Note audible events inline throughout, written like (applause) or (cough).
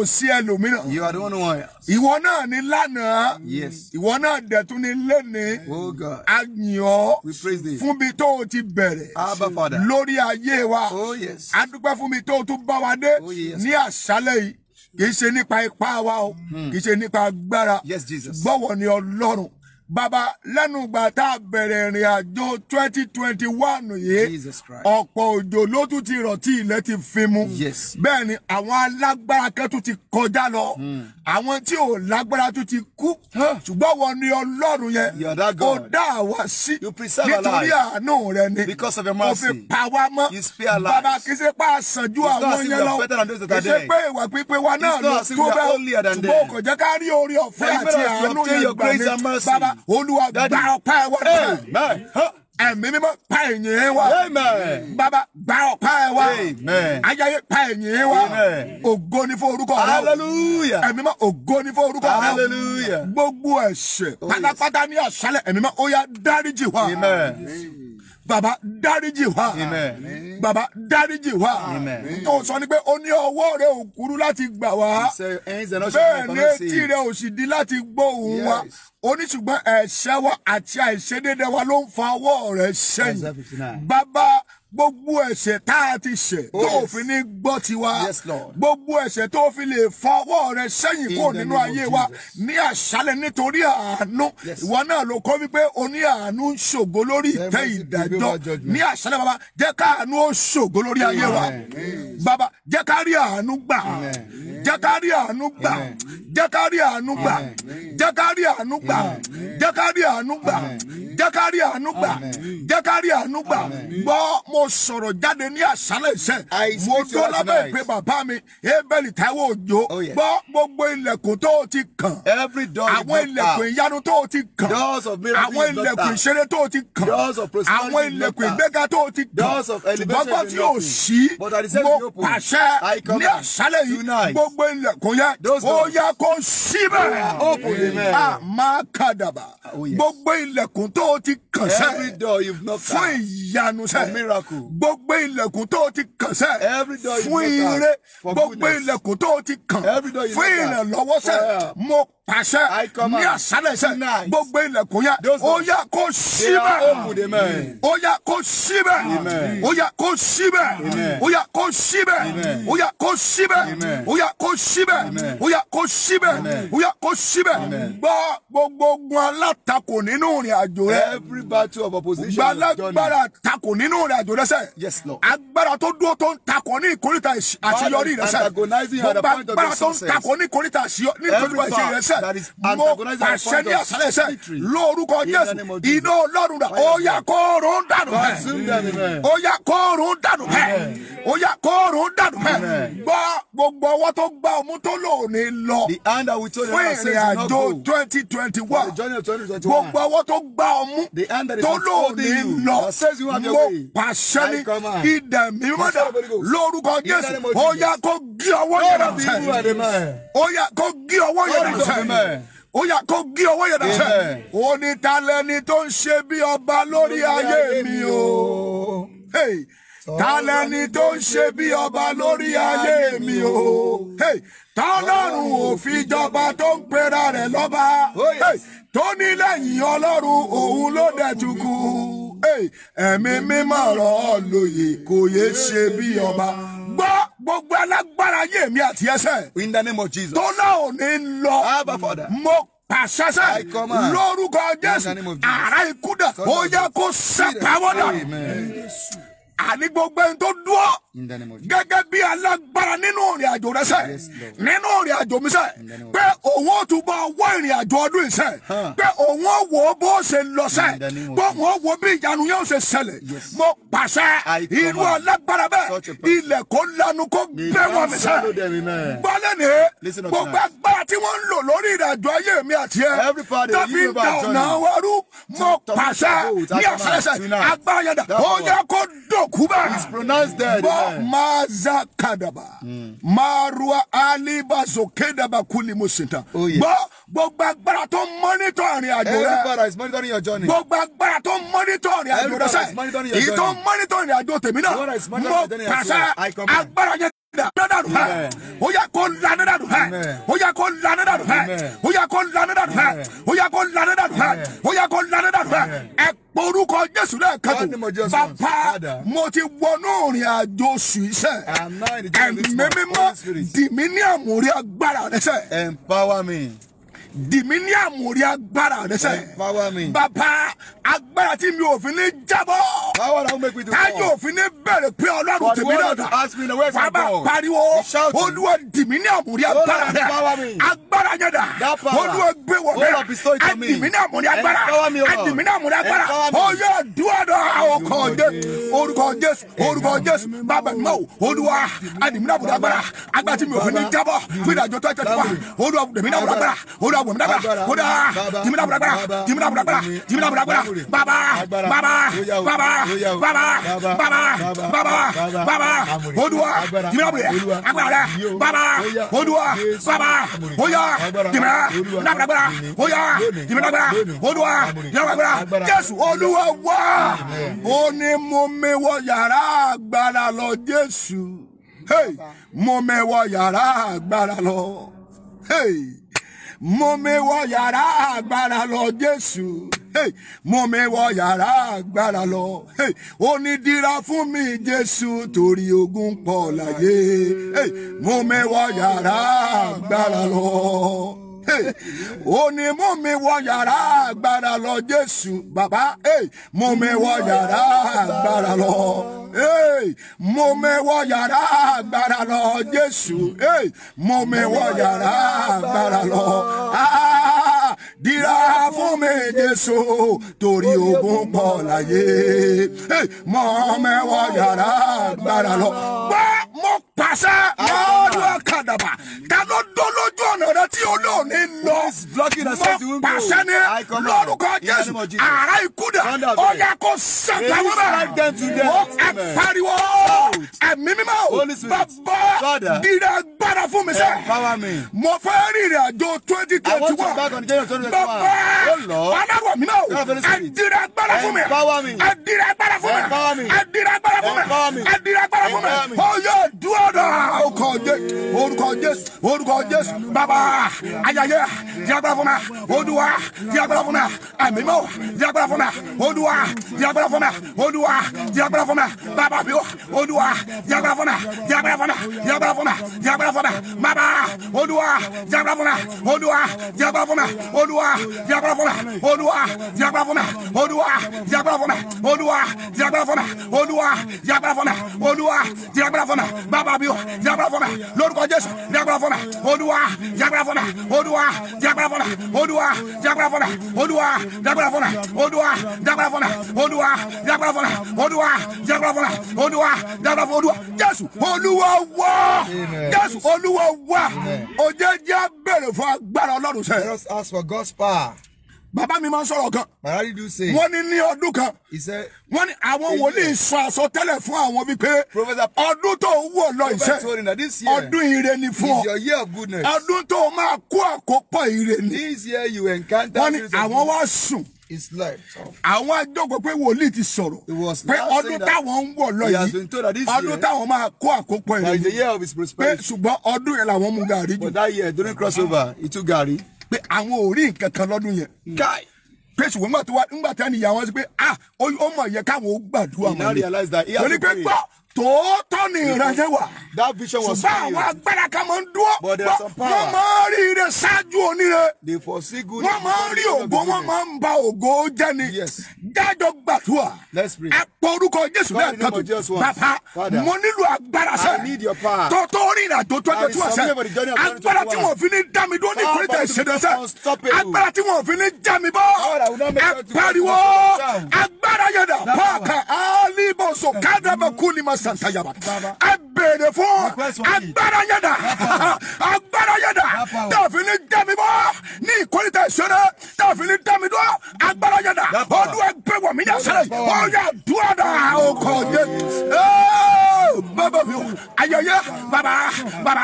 kò sí ẹlòmíràn. you are the only one. ìwọ náà ni lánàá. yes. ìwọ náà dẹ̀tún ni lẹ́ni. oh God. a yìn ọ́. we praise thee. fún bí tó o ti bẹ̀rẹ̀. abba father. lórí ayé wa. oh yes. a dúpẹ́ fún bí tó o tún bá wa dé. oh yes. ní àṣálẹ̀ yìí kì í ṣe nípa ipá wa o hmm. kì í ṣe nípa agbára. yes Jesus. bọ́wọ̀ ni Ọlọ́run. Baba, lẹ́nu ìgbà tá a bẹ̀rẹ̀ ìrìn àjò twenty twenty one yìí ọ̀pọ̀ òjò ló tún ti rọ̀ tí ilẹ̀ ti fi mu bẹ́ẹ̀ ni àwọn alágbára kan tún ti kọjá lọ hmm. àwọn tí ò lágbára tún ti kú ṣùgbọ́n wọn ni ọlọ́run yẹn ó dá àwa sí nítorí àánú rẹ ni kò fi pa wá mọ́ bàbá kì í ṣe pé àṣàjú àwọn yẹn lọ kì í ṣe pé ìwà pípé wa náà ló tó bẹ́ẹ̀ ṣùgbọ́n kò jẹ́ ká rí oore ọ̀fẹ́ àti àánú yẹn gbà ní bàbá olúwa gba ọ̀pá ẹ̀ wá náà ẹ̀mí mímọ́ pa ẹ̀yìn wa. Bàbá gba ọ̀pá ẹ̀ wa. Ayẹyẹ pa ẹ̀yìn wa. Ògo ni fún orúkọ rẹ. Hallelujah. Ẹ̀mí mímọ́ ògo ni fún orúkọ rẹ. Gbogbo ẹ̀ṣẹ̀ oh, pátápátá ní àṣálẹ̀ ẹ̀mí mímọ́ ó dáríjì wa. Bàbá dáríjì wa. Bàbá dáríjì wa. Tó sọ ni pé o ní ọwọ́ rẹ ò láti gbà wá. Bẹ́ẹ̀ ni etí rẹ ò di láti gbóhùn wa. Oni ní ṣùgbọ́n ẹ̀ṣẹ̀ wa àti àìṣedéédé wa ló ń fa ọwọ́ rẹ̀ sẹ́yìn bàbá gbogbo ẹ̀ṣẹ̀ tá a ti ṣẹ̀ tó oh, fi ní gbọ́ tiwa gbogbo ẹ̀ṣẹ̀ tó fi lè fọwọ́ rẹ sẹ́yìn kó nínú ayé wa ní àṣálẹ̀ nítorí àánú ìwọ náà ló kọ́ wípé o ní àánú ń ṣògo lórí ìtẹ́ ìdájọ́ ní àṣálẹ̀ bàbá jẹ́ ká àánú ó ṣògo lórí ayé wa bàbá jẹ́ ká rí àánú gbà jẹ́ ká rí àánú gbà jẹ́ ká rí àánú gbà jẹ́ ká rí àánú gbà jẹ́ ká rí àánú gbà jẹ́ ká rí àánú gbà jẹ́ ká rí àánú gbà gbọ́ mo mo sọ̀rọ̀ jáde ní àṣálẹ̀ iṣẹ́ mo dó lábẹ́ ìpè bàbá mi ebeli Táíwò Òjó gbọ́ gbogbo ilẹ̀kùn tó o ti kàn àwọn ilẹ̀kùn ìyanu tó o ti kàn àwọn ilẹ̀kùn ìṣeré tó o ti kàn àwọn ilẹ̀kùn ìgbéga tó o ti kàn gbọ́gbọ́ tí o sí mo pàṣẹ ní àṣálẹ̀ yìí gbogbo ilẹ̀kùn yẹn ó yẹ kó síbẹ̀ àmàkàdàbà ah, oh, gbogbo ilẹ̀kùn tó o ti kàn sẹ́ fún ìyanu sẹ́ gbogbo ilẹ̀kùn tó o ti kàn sẹ́ fún ire gbogbo ilẹ̀kùn tó o ti kàn fún ìrànlọ́wọ́ sẹ́ mo pàṣẹ ní àṣálẹ́ gbogbo ilẹ̀kùn yẹn ó yá kó síbẹ̀ ó yá kó síbẹ̀ ó yá kó síbẹ̀ ó yá kó síbẹ̀ ó yá kó síbẹ̀ ó yá kó síbẹ̀ ó yá kó síbẹ̀ ó yá kó síbẹ̀ gbọ́ gbogbo gun alátakò nínú ìrìn àjò rẹ every battle of opposition gbalagbara takò nínú ìrìn àjò rẹ sẹ agbára tó dúró tó ń takò ní ìkórìtà àṣeyọrí rẹ sẹ gbogbo agbára tó ń takò ní ìkórìtà àṣeyọrí rẹ sẹ mo pàṣẹ ní àṣálẹ́ sẹ́ lórúkọ Jésù iná Ọlọ́run dà ó yá kóòrùn dànù bẹ́ẹ̀ ó yá kóòrùn dànù bẹ́ẹ̀ ó yá kóòrùn dànù bẹ́ẹ̀ gbọ́ gbogbo ọwọ́ tó gbá ọmú tó lò ní lọ fún ìrìn àjò twenty twenty one gbogbo ọwọ́ tó gbá ọmú tó lò ní lọ mo pàṣẹ ní ìdè mímọ́ dà lórúkọ Jésù ó yá kó gé ọwọ́ yẹn dànù sẹ́yìn ó yá kó gé ọwọ́ yẹn dànù sẹ́yìn. Amen. Ó yá kó gé owó yẹn náà sẹ́. Ó ní ta lẹni tó ń ṣe bí ọba lórí ayé mi o. Ta lẹni tó ń ṣe bí ọba lórí ayé mi o. Ta lọ́rùn òfin jọba tó ń pera rẹ̀ lọ́ba. Oh, tó ní lẹ́yìn Ọlọ́run òun ló dẹ̀ tukù. Ẹ̀mí mímọ̀ rọ̀ lóye kò yé ṣe bí ọba gbọ́ gbogbo alágbára yé mi àti ẹsẹ̀. in the name of Jesus. tó náà ò ní lọ. abba father. mo pàṣẹṣẹ lórúkọ Jésù àrà ikú dà ó yẹ kó sẹpàwọ́dà àní gbogbo ẹni tó dúró gẹ́gẹ́ bí alágbára nínú ìrìn àjò rẹ sẹ́ nínú ìrìn àjò mi sẹ́ pé òun ò túbọ̀ wọ ìrìn àjò ọdún ìsẹ́ pé òun ò wò ó bó ṣe lọ sẹ́ bó òun ò wò bí ìyanu yóò ṣe ṣẹlẹ̀ mo pàṣẹ irú alágbára bẹ́ẹ̀ ilẹ̀ kó lanu kó gbé wọn mi sẹ́ gbọ́lẹ̀ ní gbogbo agbára tí wọ́n ń lò lórí ìrìn àjò ayé mi àti ẹ tàbí da ọ̀nà ọrú mo pàṣẹ ní ọ̀sẹ̀ ẹ̀sẹ̀ agbára yẹn dà ó yẹ kó dùn kuba. He's pronounced dead. Maza kadaba. Hmm. Marua aliba zokedaba kuli musita. Oh yeah. Gbogbo agbára tó ń mọ́nítọ̀ àjò rẹ̀. Eh. Everybody is monitoring your journey. Gbogbo agbára tó ń mọ́nítọ̀ àrìn àjò rẹ̀ sẹ́. Everybody is monitoring your journey. Èyí tó ń mọ́nítọ̀ àrìn àjò tèmi náà. Mo pàṣẹ agbára yẹn dada do hɛ o yà kó la dada do hɛ o yà kó la dada do hɛ o yà kó la dada do hɛ o yà kó la dada do hɛ o yà kó la dada do hɛ ɛ orúkọ jésù lẹ́ẹ̀kẹ́tù bàbá mo ti wọnú ìrìn àjò sùn iṣẹ́ ẹ̀mí mímọ́ dì mí ní àmúrí agbára rẹ sẹ́. empower me dìmí ní àmúrí agbára rẹ sẹ eh, bàbá agbára tí mi ò fi ní jábọ́ táyé ò fi ní bẹ̀rẹ̀ pé ọlọ́run tèmi náà dà fàbà pariwo olúwa dìmí ní àmúrí agbára rẹ agbára yẹn dà olúwa gbé wọ bẹ́ẹ̀ àdìmí ní àmúrí agbára àdìmí ní àmúrí agbára oyè dúró ọkọ jẹ orúkọ Jésù orúkọ Jésù bàbá mi mọ olúwa àdìmí ní àmúrí agbára agbára tí mi ò fi ní jábọ́ fún ìdájọ́ tó ẹ tẹ tó wa olúwa dìmí ní àmúrí agbára olúwa dàgbà wò mí dàgbà kó dà jimi dàgbà dàgbà jimi dàgbà dàgbà jimi dàgbà dàgbà Baba, Baba, Baba, Baba, Baba, Baba, Baba, Olúwa jimi dàgbà dàgbà agbára Baba, bàbá Baba, bàbá oya jimi dàgbà dàgbà oya jimi dàgbà Olúwa jimi dàgbà dàgbà Jésù Olúwa wá ó ní mo mi wọ yàrá agbára lọ Jésù mo mi wọ yàrá agbára lọ. Hey! mo mewọ yàrá agbára lọ Jésù mo mewọ yàrá agbára lọ ó ní dira fún mi Jésù torí ogun pọ̀ láyé mo mewọ yàrá agbára lọ ó ní mú mi wọ yàrá agbára lọ Jésù bàbá mú mi wọ yàrá agbára lọ mo mẹ́wọ́ yàrá agbára lọ Jésù mo mẹ́wọ́ yàrá agbára lọ. Ah, Dìrà fún mi Jésù torí ogun pọ̀ láyé. Mo mẹ́wọ́ yàrá agbára lọ. Gbọ́ mo pàṣẹ lọ́dún kadàbà ta ló dólójú ọ̀nà rẹ tí olóòní lọ mọ pàṣẹ ni lórúkọ jésù ara ikú ó yẹ kó sẹta wọlé ó ẹ pariwo ẹ̀mí mímọ́ bàbá dìde agbára fún mi sẹ mo fẹ́ rìnrìn àjò twenty twenty one bàbá oh, aláwọ̀ mi ẹ dìde agbára fún mi ẹ dìde agbára fún mi ẹ dìde agbára fún mi ẹ dìde agbára fún mi ó yóò dúró padà orúkọ jésù orúkọ jésù orúkọ jésù bàbá ayayé di agbára fún mi olúwa di agbára fún mi àmìmọ́ di agbára fún mi olúwa di agbára fún mi olúwa di agbára fún mi bàbá bí o olúwa di agbára fún Odua, di agbára fún Odua, di Odua, fún mi Odua, agbára fún mi bàbá olúwa Odua, agbára Odua, mi Odua, di Odua, fún mi olúwa di agbára fún mi olúwa di agbára bí wa jagbara fún mi lórúkọ jésù jagbara fún mi olúwa jagbara fún mi olúwa jagbara fún mi olúwa jagbara fún mi olúwa jagbara fún mi olúwa jagbara fún mi olúwa jagbara fún mi olúwa jagbara fún mi olúwa jagbara fún olúwa jésù olúwa wá jésù olúwa wá òjèjì bèrè fún agbára ọlọ́run sẹ́yìn. just ask for God's power bàbá mi máa ń sọ̀rọ̀ kan. Barari do say. wọ́n ní ní ọdún kan. he said. wọ́n ní àwọn wòlíì sọ àsọtẹ́lẹ̀ fún àwọn wípé. professor ọdún tó ń wò lọ iṣẹ́. professor na this year. ọdún ire ni fún ọ. is your year of goodness. ọdún tó máa kó àkópọ̀ ire ni. this year you encounter. wọ́n ní àwọn wá sùn. is life. àwọn àjọpọ̀ pé wòlíì ti sọ̀rọ̀. it was now saying that. pé ọdún táwọn ń wò lọ yìí. he has been told that this year. ọdún táwọn máa kó àkópọ̀ ire ni. that the year of his prosperity. pé ṣùgbọ́n ọdún yẹn làwọn mú gàrí jù. but that year during crossover he took gàrí pé àwọn ò rí nǹkan kan lọ́dún yẹn hmm. pé ṣùgbọ́n nígbà tí wọ́n nígbà tí wọ́n ní ìyá pé ah ó mọ̀ yẹ káwọn ó gbàdúrà mọ́ ni torí pé gbọ́ tòótọ́ ni ìrànjẹ́ wà. that vision was real. ṣùgbọ́n àwọn agbára kan máa ń dúró. but there are some power. wọ́n máa ń rí ire ṣáájú oníre. they foresee good. wọ́n máa ń rí ògo wọ́n máa ń ba ògo jẹ́ ni. yes. dájọ́ gbàdúrà. let's pray. àpò orúkọ Jésù náà kàtó. bàbá mo nílò agbára sẹ́. I need your power. tọ́tọ́ rìn àjò tọ́jọ́ tí wọ́n sẹ́. agbára tí wọ́n fi ní dá dúró ní ìkórìtà ìṣẹ̀dọ̀ sẹ́. agbára tí wọ́n fi ní já bọ́. agbára yẹn dà pọ́ọ̀kà alibọ̀sọ̀ kádàbẹ̀kú ni màsà santa yaba abèrè fún agbára yẹda agbára yẹda tààfin ní dẹ́mi bọ́ ní ìkórìtà ìṣẹ́rẹ́ tààfin ní dẹ́mi dọ́ agbára yẹda ọdún ẹgbẹ́ wọ̀ mí ní àṣẹlẹ̀ ọ̀yà dúrọ̀dà ọkọ̀ yẹ bàbá mi ayẹyẹ bàbá Baba,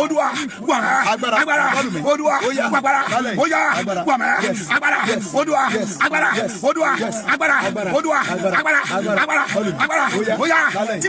olúwa gbàrà agbára olúwa gbàgbára oya gbàmẹ agbára olúwa agbára olúwa agbára olúwa agbára agbára agbára oya tí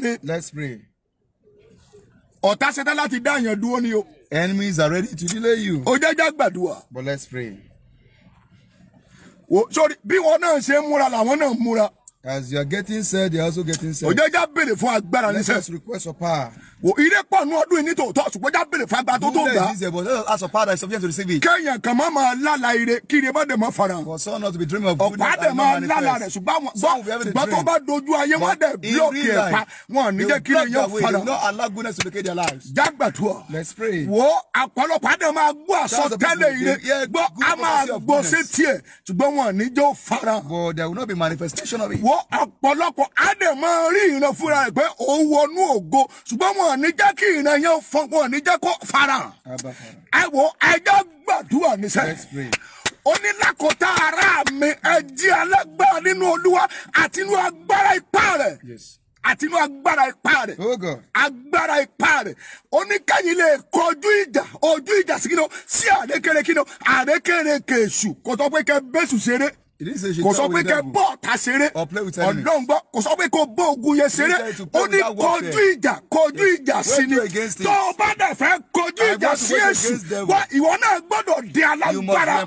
wọlé. let's pray. ọ̀tá ṣetán láti dá àyàn dúró ni o. enemies are ready to delay you. ó gbàdúrà. but let's pray. sori bí wọn náà ṣe ń múra làwọn náà múra. As you are getting said, you are also getting said. Òjò béèrè fún agbára níṣẹ́. Let us request for power. Wò ire pọ̀ ní ọdún yìí ní tòótọ́ ṣùgbọ́n já béèrè fún agbára tó tó gbà. Nílẹ̀ ìdíje but let for power that is sufficient to receive it. Kẹ́yìn kan máa máa lála ire kí ire má dẹ̀ máa fara. For someone not to be dreaming of goodness and no manifest. Ọ̀pá dẹ̀ máa lála rẹ̀ ṣùgbọ́n tó bá dojú ayé wọ́n dẹ̀ bílọ̀kì ẹ̀ pa wọn ní not allow goodness to locate their lives. Let's pray. Wo àpọ̀lọpọ̀ àdè máa gbọ́ àsọtẹ́lẹ̀ ire gbọ́ a máa gbọ́ sétí ẹ̀ ṣùgbọ́n wọn ní jẹ́ ó fara. But there will not be manifestation of it wo ọ̀pọ̀lọpọ̀ á dẹ̀ máa rí ìran fúnra rẹ̀ pé òun wọnú ògo ṣùgbọ́n wọn ò ní jẹ́ kí ìran yẹn fọn wọn ò ní jẹ́ kó farahàn ẹ wo ẹjọ́ gbàdúrà níṣẹ́ onílàkọ̀tà ara mi ẹ alágbára nínú olúwa àti inú agbára ipá rẹ̀ àti inú agbára ipá rẹ̀ oh agbára ipá rẹ̀ oníkẹ́yìn lè kọjú ìjà ojú ìjà sí kí ni o sí àrékèrè kí ni o àrékèrè kèṣù kò tó pé kẹ bẹ́sù ṣeré kò sọ pé kẹ bọ́ ta ṣeré ọ̀dọ́n gbọ́ kò sọ pé kò bọ́ ogun yẹn ṣeré ó ní kojú ìjà kojú ìjà sí ni tó o bá dẹ̀ fẹ́ kojú ìjà sí èṣù wọ́n ìwọ náà gbọ́dọ̀ di alágbára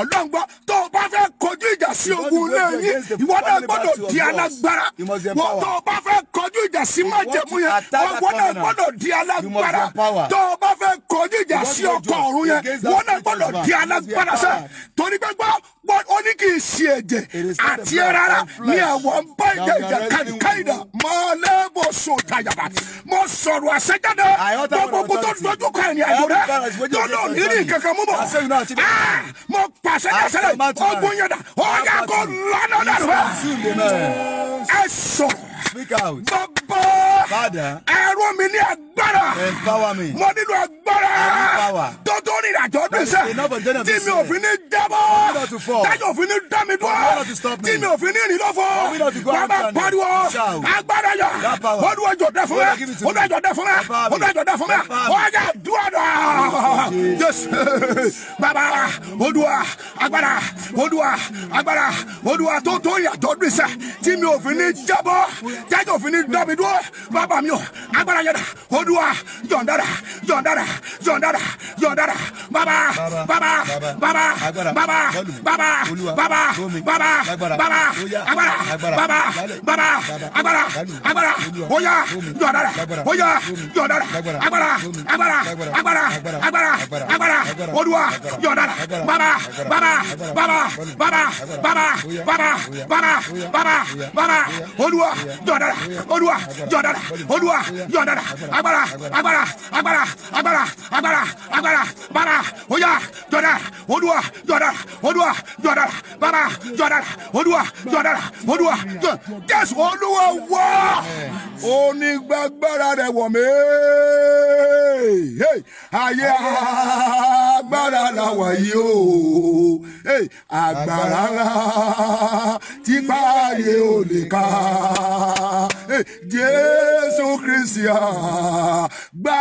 ọlọ́run gbọ́ tó o bá fẹ́ kojú ìjà sí ogun náà yín ìwọ náà gbọ́dọ̀ di alágbára wọ́n tó o bá fẹ́ kojú ìjà sí májẹ̀mú yẹn wọ́n náà gbọ́dọ̀ di alágbára tó o bá fẹ́ kojú ìjà sí ọkọ̀ ọ̀run yẹn wọ́n náà gbọ́dọ̀ di alágbára sẹ́ torí gbẹ́gbọ́ ó ní kì í ṣe ẹ̀jẹ̀ àti rárá ní àwọn bá ẹ̀jẹ̀ ìjà kàdìkàdìdà mọ́lẹ́ bó so tàyàbà mo sọ̀rọ̀ àṣẹjáde gbogbo kó tó dojú kan ìrìn àjò rẹ tó lò nírì kankan mú bọ̀ ah, mo pàṣẹ jẹsẹrẹ ogun Speak out. Gbogbo. Father. Ẹ̀rọ mi ní agbára. Empower me. Mo nílò agbára. Empower. Tótó ní ìdájọ́ dùn sẹ́. Tí mi ò fi ní jábọ́. Tájọ́ ò fi ní dá mi dúró. Tí mi ò fi ní rìn lọ́fọ̀. Bàbá pariwo. Agbára yọ. Olúwa jọ dẹ fún mi. Olúwa jọ dẹ fún mi. Olúwa jọ dẹ fún mi. Ọjà dúró dọ̀. Jésù. (laughs) Bàbá Olúwa. Agbara olúwa Agbara olúwa tó tó ìyàtọ̀dún iṣẹ́ tí mi ò fi ní jábọ́ jẹ́jọ́ ò fi ní dá mi dúró bàbá mi ò agbára yẹn dà olúwa yọ̀ǹdàrà yọ̀ǹdàrà yọ̀ǹdàrà yọ̀ǹdàrà bàbá bàbá bàbá bàbá bàbá bàbá bàbá bàbá agbára bàbá bàbá agbára agbára oya yọ̀ǹdàrà oya yọ̀ǹdàrà Agbara Agbara Agbara Agbara agbára olúwa yọ̀ǹdàrà bàbá bàbá bàbá bàbá bàbá bàbá bàbá bàbá bàbá bàbá olúwa jọ̀dàrà olúwa jọ̀dàrà olúwa jọ̀dàrà agbára agbára agbára agbára agbára agbára bàbá oya jọ̀dàrà olúwa jọ̀dàrà olúwa jọ̀dàrà bàbá jọ̀dàrà olúwa jọ̀dàrà olúwa jésù olúwa wá onígbàgbára rẹ wọ̀ mí ayé agbára làwọn yìí o agbára ńlá tí páyé ò lè ká jésù kristi gba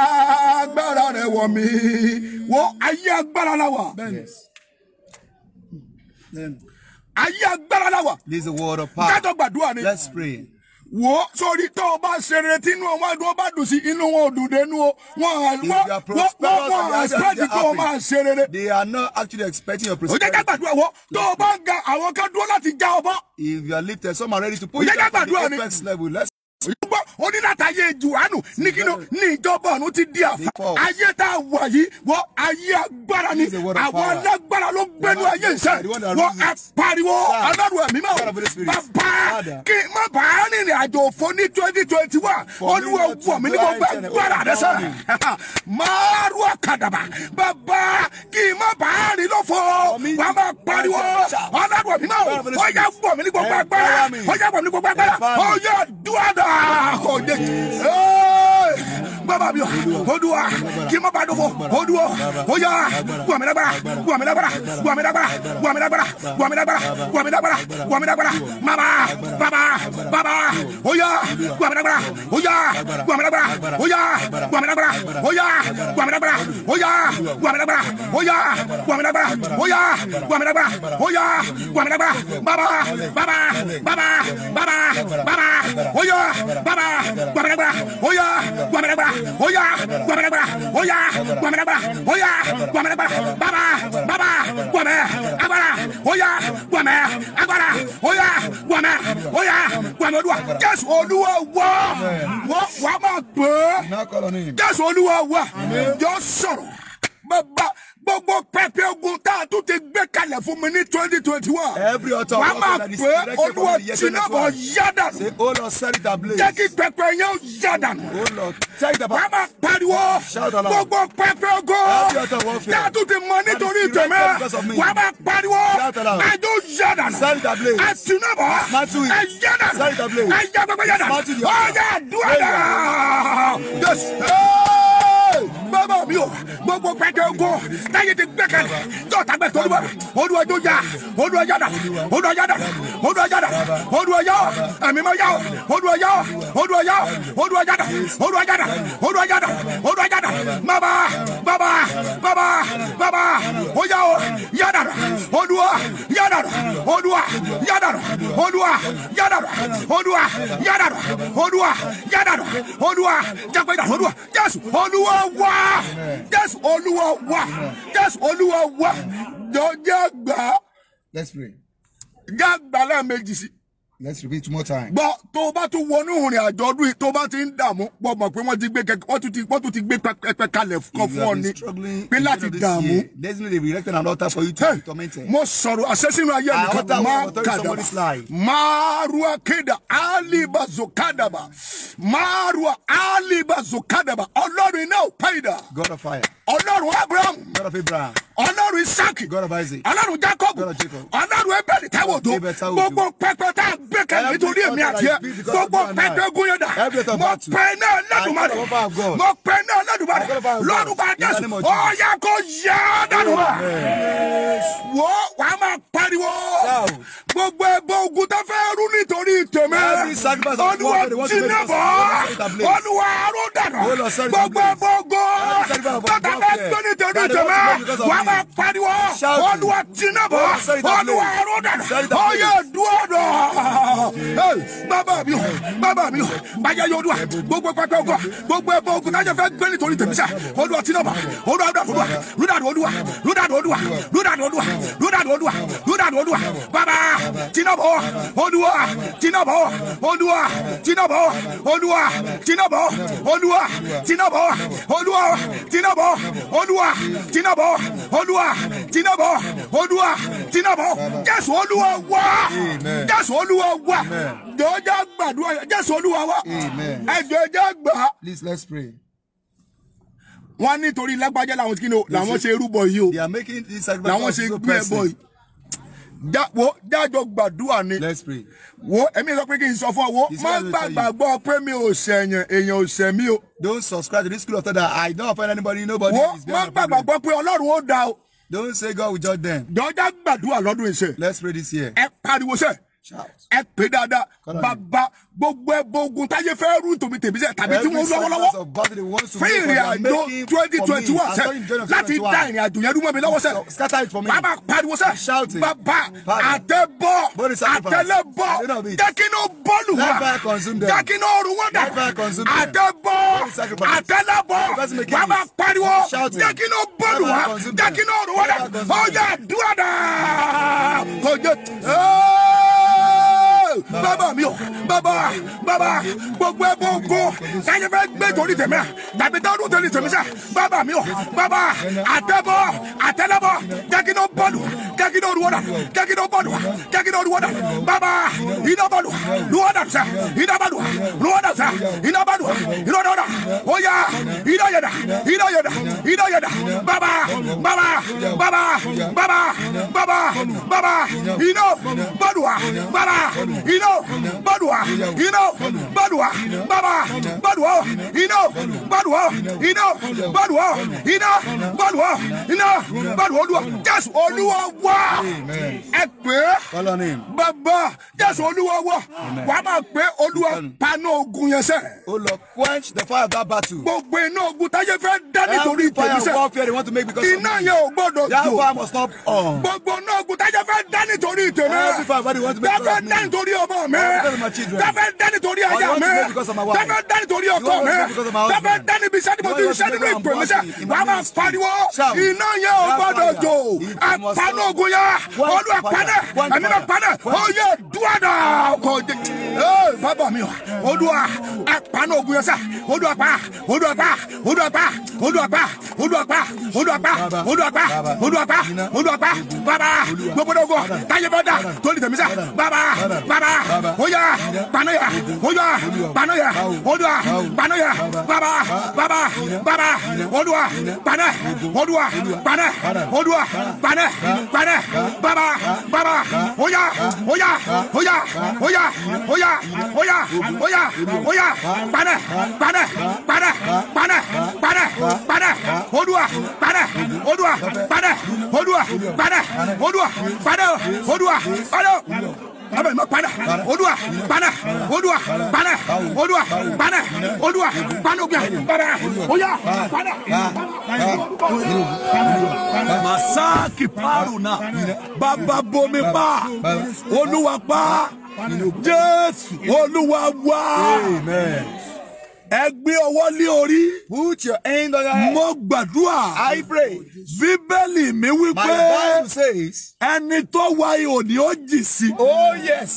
agbára rẹ wọ̀ mí wọ ayé agbára la wà. ayé agbára la wà. this is the word of power. ká ni. let's pray wo sórí tó o bá ṣe tí inú wọn wá bá dùn sí inú wọn ò dùn dénú o wọn wọn wọn wọn expect máa ṣe they are not actually expecting your prosperity. o gbàdúrà wọ tó o bá ń ga àwọn kan dúró láti já ọ bọ́. if you are lifted some are ready to push you to the apex level gbọ́ onínàtàyé juwanu ní kí ni ìjọba ọ̀run ti di àfa ayé tá a wà yìí wọ ayé agbára ni àwọn alágbára ló gbẹnu ayé iṣẹ́ wọ apariwo ọlọ́run ẹ̀mí mọ́ bàbá kí má bà á rìnrìn àjò òfò ní twenty twenty one olúwa wọ̀ mí ní gbogbo agbára rẹ sẹ́ máàrú ọ̀kadàbà bàbá kí má bà á rìn lọ́fọ̀ wà má pariwo ọlọ́run ẹ̀mí mọ́ ọ̀yà wọ̀ mí ní gbogbo agbára ọ̀yà wọ̀ mí ní gbogbo agbára ọ̀ 守住啊！adofo oduo oyo wami lágbára wami lágbára wami lágbára wami mama baba baba oyo wami lágbára oyo wami lágbára oyo wami lágbára oyo wami lágbára oyo wami lágbára oyo baba baba baba baba baba oyo baba wami lágbára oyo wami lágbára oyo wami lágbára gbọmọdé gbara oya gbọmọdé gbara baba baba gbọmẹ agbara oya gbọmẹ agbara oya gbọmẹ oya gbọmẹ olúwa jésù olúwa wọ wọ wàá máa gbọ́ jésù olúwa wọ yóò sọ̀rọ̀ bàbá gbogbo pẹpẹ ogun tá a tún ti gbé kalẹ̀ fún mi ní twenty twenty one. every autumn wọ́n máa pé olúwa tinubu yádànù. Oh, jẹ́ kí pẹpẹ yẹn ó yádànù. Oh, wọ́n máa pariwo gbogbo pẹpẹ ogun tá a tún ti mọ nítorí tèmẹ́. wọ́n máa pariwo àjọ yádànù. àtinubu ẹ yádànù. ẹ yá pẹpẹ yádànù. ọ̀yà àdúrà dà bàbá mi o gbogbo pẹ̀tẹ́ ogun táyé ti gbé kalẹ̀ tó tàgbẹ̀ tó lùbọ̀ olùwàjò yá olùwàjò dà olùwàjò dà olùwàjò dà olùwàjò ẹ̀mí ma yá o olùwàjò olùwàjò olùwàjò dà olùwàjò dà olùwàjò dà olùwàjò dà bàbá bàbá bàbá bàbá o yá o yá dà olùwà yá dà olùwà yá dà olùwà yá dà olùwà yá dà olùwà yá dà olùwà jágbe dà olùwà jésù olùwà wá wá jésù olúwa wá jésù olúwa wá jọ jẹ́ let's pray. jẹ́ gbà lẹ́ẹ̀mejì sí i let's repeat more time. gbọ́ tó o bá tún wọnú ìrìn àjọ ọdún yìí tó o bá ti ń dààmú gbọ́ mọ̀ pé wọ́n ti gbé wọ́n tún ti wọ́n tún ti gbé pẹpẹ kalẹ̀ kọ́ fún ọ ni pé láti dààmú. for you to be tormented. mo sọ̀rọ̀ àṣẹ́sínú ayé ẹnìkan máa kàdà márùá kéda àlìbà zòkàdàbà márùá àlìbà zòkàdàbà ọlọ́run iná ò pẹ́ ìdá. God of fire ọlọ́run abraham ọlọ́run isaac ọlọ́run jacob ọlọ́run ebeli táwọ̀dó gbogbo pẹpẹ tá a gbé kẹlẹ nítorí èmi àti ẹ gbogbo pẹpẹ gúnyẹ̀dá mo pẹ náà lẹ́dùnmarè mo pẹ náà lẹ́dùnmarè lórúkọ jésù ọ̀yà kò yá dànù wa wo wàá máa pariwo gbogbo ẹbọ ogun tó fẹ́ rú nítorí tèmi olúwa jìnnà bọ̀ olúwa arúndànù gbogbo ẹbọ ogun tó tà ẹgbẹ́ nítorí tẹ̀mẹ́ wàá máa pariwo ọdún tinabọ̀ ọdún arúdàdà ọyẹ dúọ̀dọ̀ bàbá mi o bàbá mi o bàjẹ́ yóò dùn wa gbogbo pẹpẹ ogun gbogbo ẹbọ ogun tájà fẹ́ gbé nítorí tẹ̀mí sà ọdún tinabọ̀ ọdún arúdàdà lúdàdà olúwa lúdàdà olúwa lúdàdà olúwa lúdàdà olúwa lúdàdà olúwa bàbá tinabọ̀ olúwa tinabọ̀ olúwa tinabọ̀ olúwa tinabọ̀ olúwa tinabọ̀ olúwa tinabọ̀ olúwa tiná bọ̀ olúwa tiná bọ̀ olúwa tiná bọ̀ jésù olúwa wá jésù olúwa wá jọjọ gbàdúrà jésù olúwa wá ẹ jọjọ gbà. please let's pray wọn nítorí lágbájá làwọn kí ni o làwọn ṣe rúbọ yìí o làwọn ṣe gbé ẹbọ yìí wo dájọ gbàdúrà ni wo èmi sọ pé kí n sọ fún ọ wo má gbàgbọ́ pé mi ò ṣẹ̀yàn èèyàn ò ṣẹ̀ mí o. don't subscribe to this school of thought that I don't offend anybody nobody wo, is better than me. wo má gbàgbọ́ pé ọlọ́run ó dá o. don't say God will judge them. jọjá gbàdúrà lọ́dún iṣẹ́. let's pray this year. ẹ pariwo sẹ́ẹ̀ ẹ pé dáadáa bàbá gbogbo ẹbọ ogun táyé fẹ́ rú tòmí tèmi sẹ tàbí tí wọ́n lọ́wọ́lọ́wọ́ fún ìrìn àjò twenty twenty one sẹ láti dá ìrìn àjò yẹn rúmọ́ mi lọ́wọ́ sẹ bàbá pariwo sẹ bàbá àtẹ̀bọ̀ àtẹ̀lẹ̀bọ̀ jẹ́kínú bọ́ọ̀lù wa jẹ́kínú ooru wọn dà àtẹ̀bọ̀ àtẹ̀lẹ̀bọ̀ bàbá pariwo jẹ́kínú bọ́ọ̀lù wa jẹ́kínú ooru wọn dà ọjà dúró dà ọjà bàbá mi o bàbá bàbá gbogbo ẹbọ ogo táyé fẹ́ gbé torí tèmi tàbí dáwọ́dún torí tèmi sẹ́ bàbá mi o bàbá àtẹ́bọ̀ àtẹ́lẹ́bọ̀ jákínà bọ́ọ̀lù jákínà olùwọ́dà jákínà bọ́ọ̀lù jákínà olùwọ́dà bàbá iná bọ́ọ̀lù lùwọ́dà sẹ́ iná bọ́ọ̀lù lùwọ́dà sẹ́ iná bọ́ọ̀lù iná dọ́dà ó yá iná yẹ̀dà iná yẹ̀dà iná yẹ̀dà bàbá bàbá bàbá bàbá bàbá bàbá iná bọ́ọ̀lù bàbá iná ino badua ino badua baba badua ino badua ino badua ino badua ino badua olúwa jésù olúwa wá ẹ pé bàbá jésù olúwa wá wà á máa pé olúwa paná ogun yẹn sẹ. o lọ quench the fire of that battle. gbogbo iná ogun táyé fẹ́ dá nítorí tèmi sẹ. every fire warfare they want to make because of me. iná yẹn ò gbọdọ̀ jò. that fire must stop on. gbogbo iná ogun táyé Tori. dá nítorí tèmi. every fire they want to make because of me. bẹ́ẹ̀ fẹ́ dá nítorí ọ ọmọ mi tẹ́fẹ́ dání torí aya mi tẹ́fẹ́ dání torí ọkọ mi tẹ́fẹ́ dání bí sẹ́ni mo ti ṣe nínú ìpè mi sẹ́ wàá máa pariwo iná yẹn ò gbọ́dọ̀ jò àpánú ogun yá olú àpánẹ ẹ̀mí bá pánẹ ó yẹ dúwàdà bàbá mi o Olúwa àpánú ogun yẹn sà Olúwa pa Olúwa pa Olúwa pa Olúwa pa Olúwa pa Olúwa pa Olúwa pa Olúwa pa Olúwa pa bàbá gbogbo dọ́gbọ̀ táyé bá tó lè tẹ̀mí sà bàbá bàbá oya oya gbanoya oya gbanoya oduwa gbanoya baba baba baba oduwa gbanẹ oduwa gbanẹ oduwa gbanẹ gbanẹ baba baba oya oya oya oya oya oya oya oya gbanẹ gbanẹ gbanẹ gbanẹ gbanẹ gbanẹ oduwa gbanẹ oduwa gbanẹ oduwa gbanẹ oduwa gbanẹ oduwa ọlọ bàbá ìmọ̀ padà olúwa padà olúwa padà olúwa padà olúwa padà ògbà padà oyà padà. masaki paruna bàbá bomi pa olúwa pa jésù olúwa wá. Ẹ gbé ọwọ́ lé orí. Put your hand on your head. Mo gbàdúrà. I pray. Bíbélì mi wí pé. My Bible says. Ẹni tó wa ihò ni ó jì sí. Oh yes.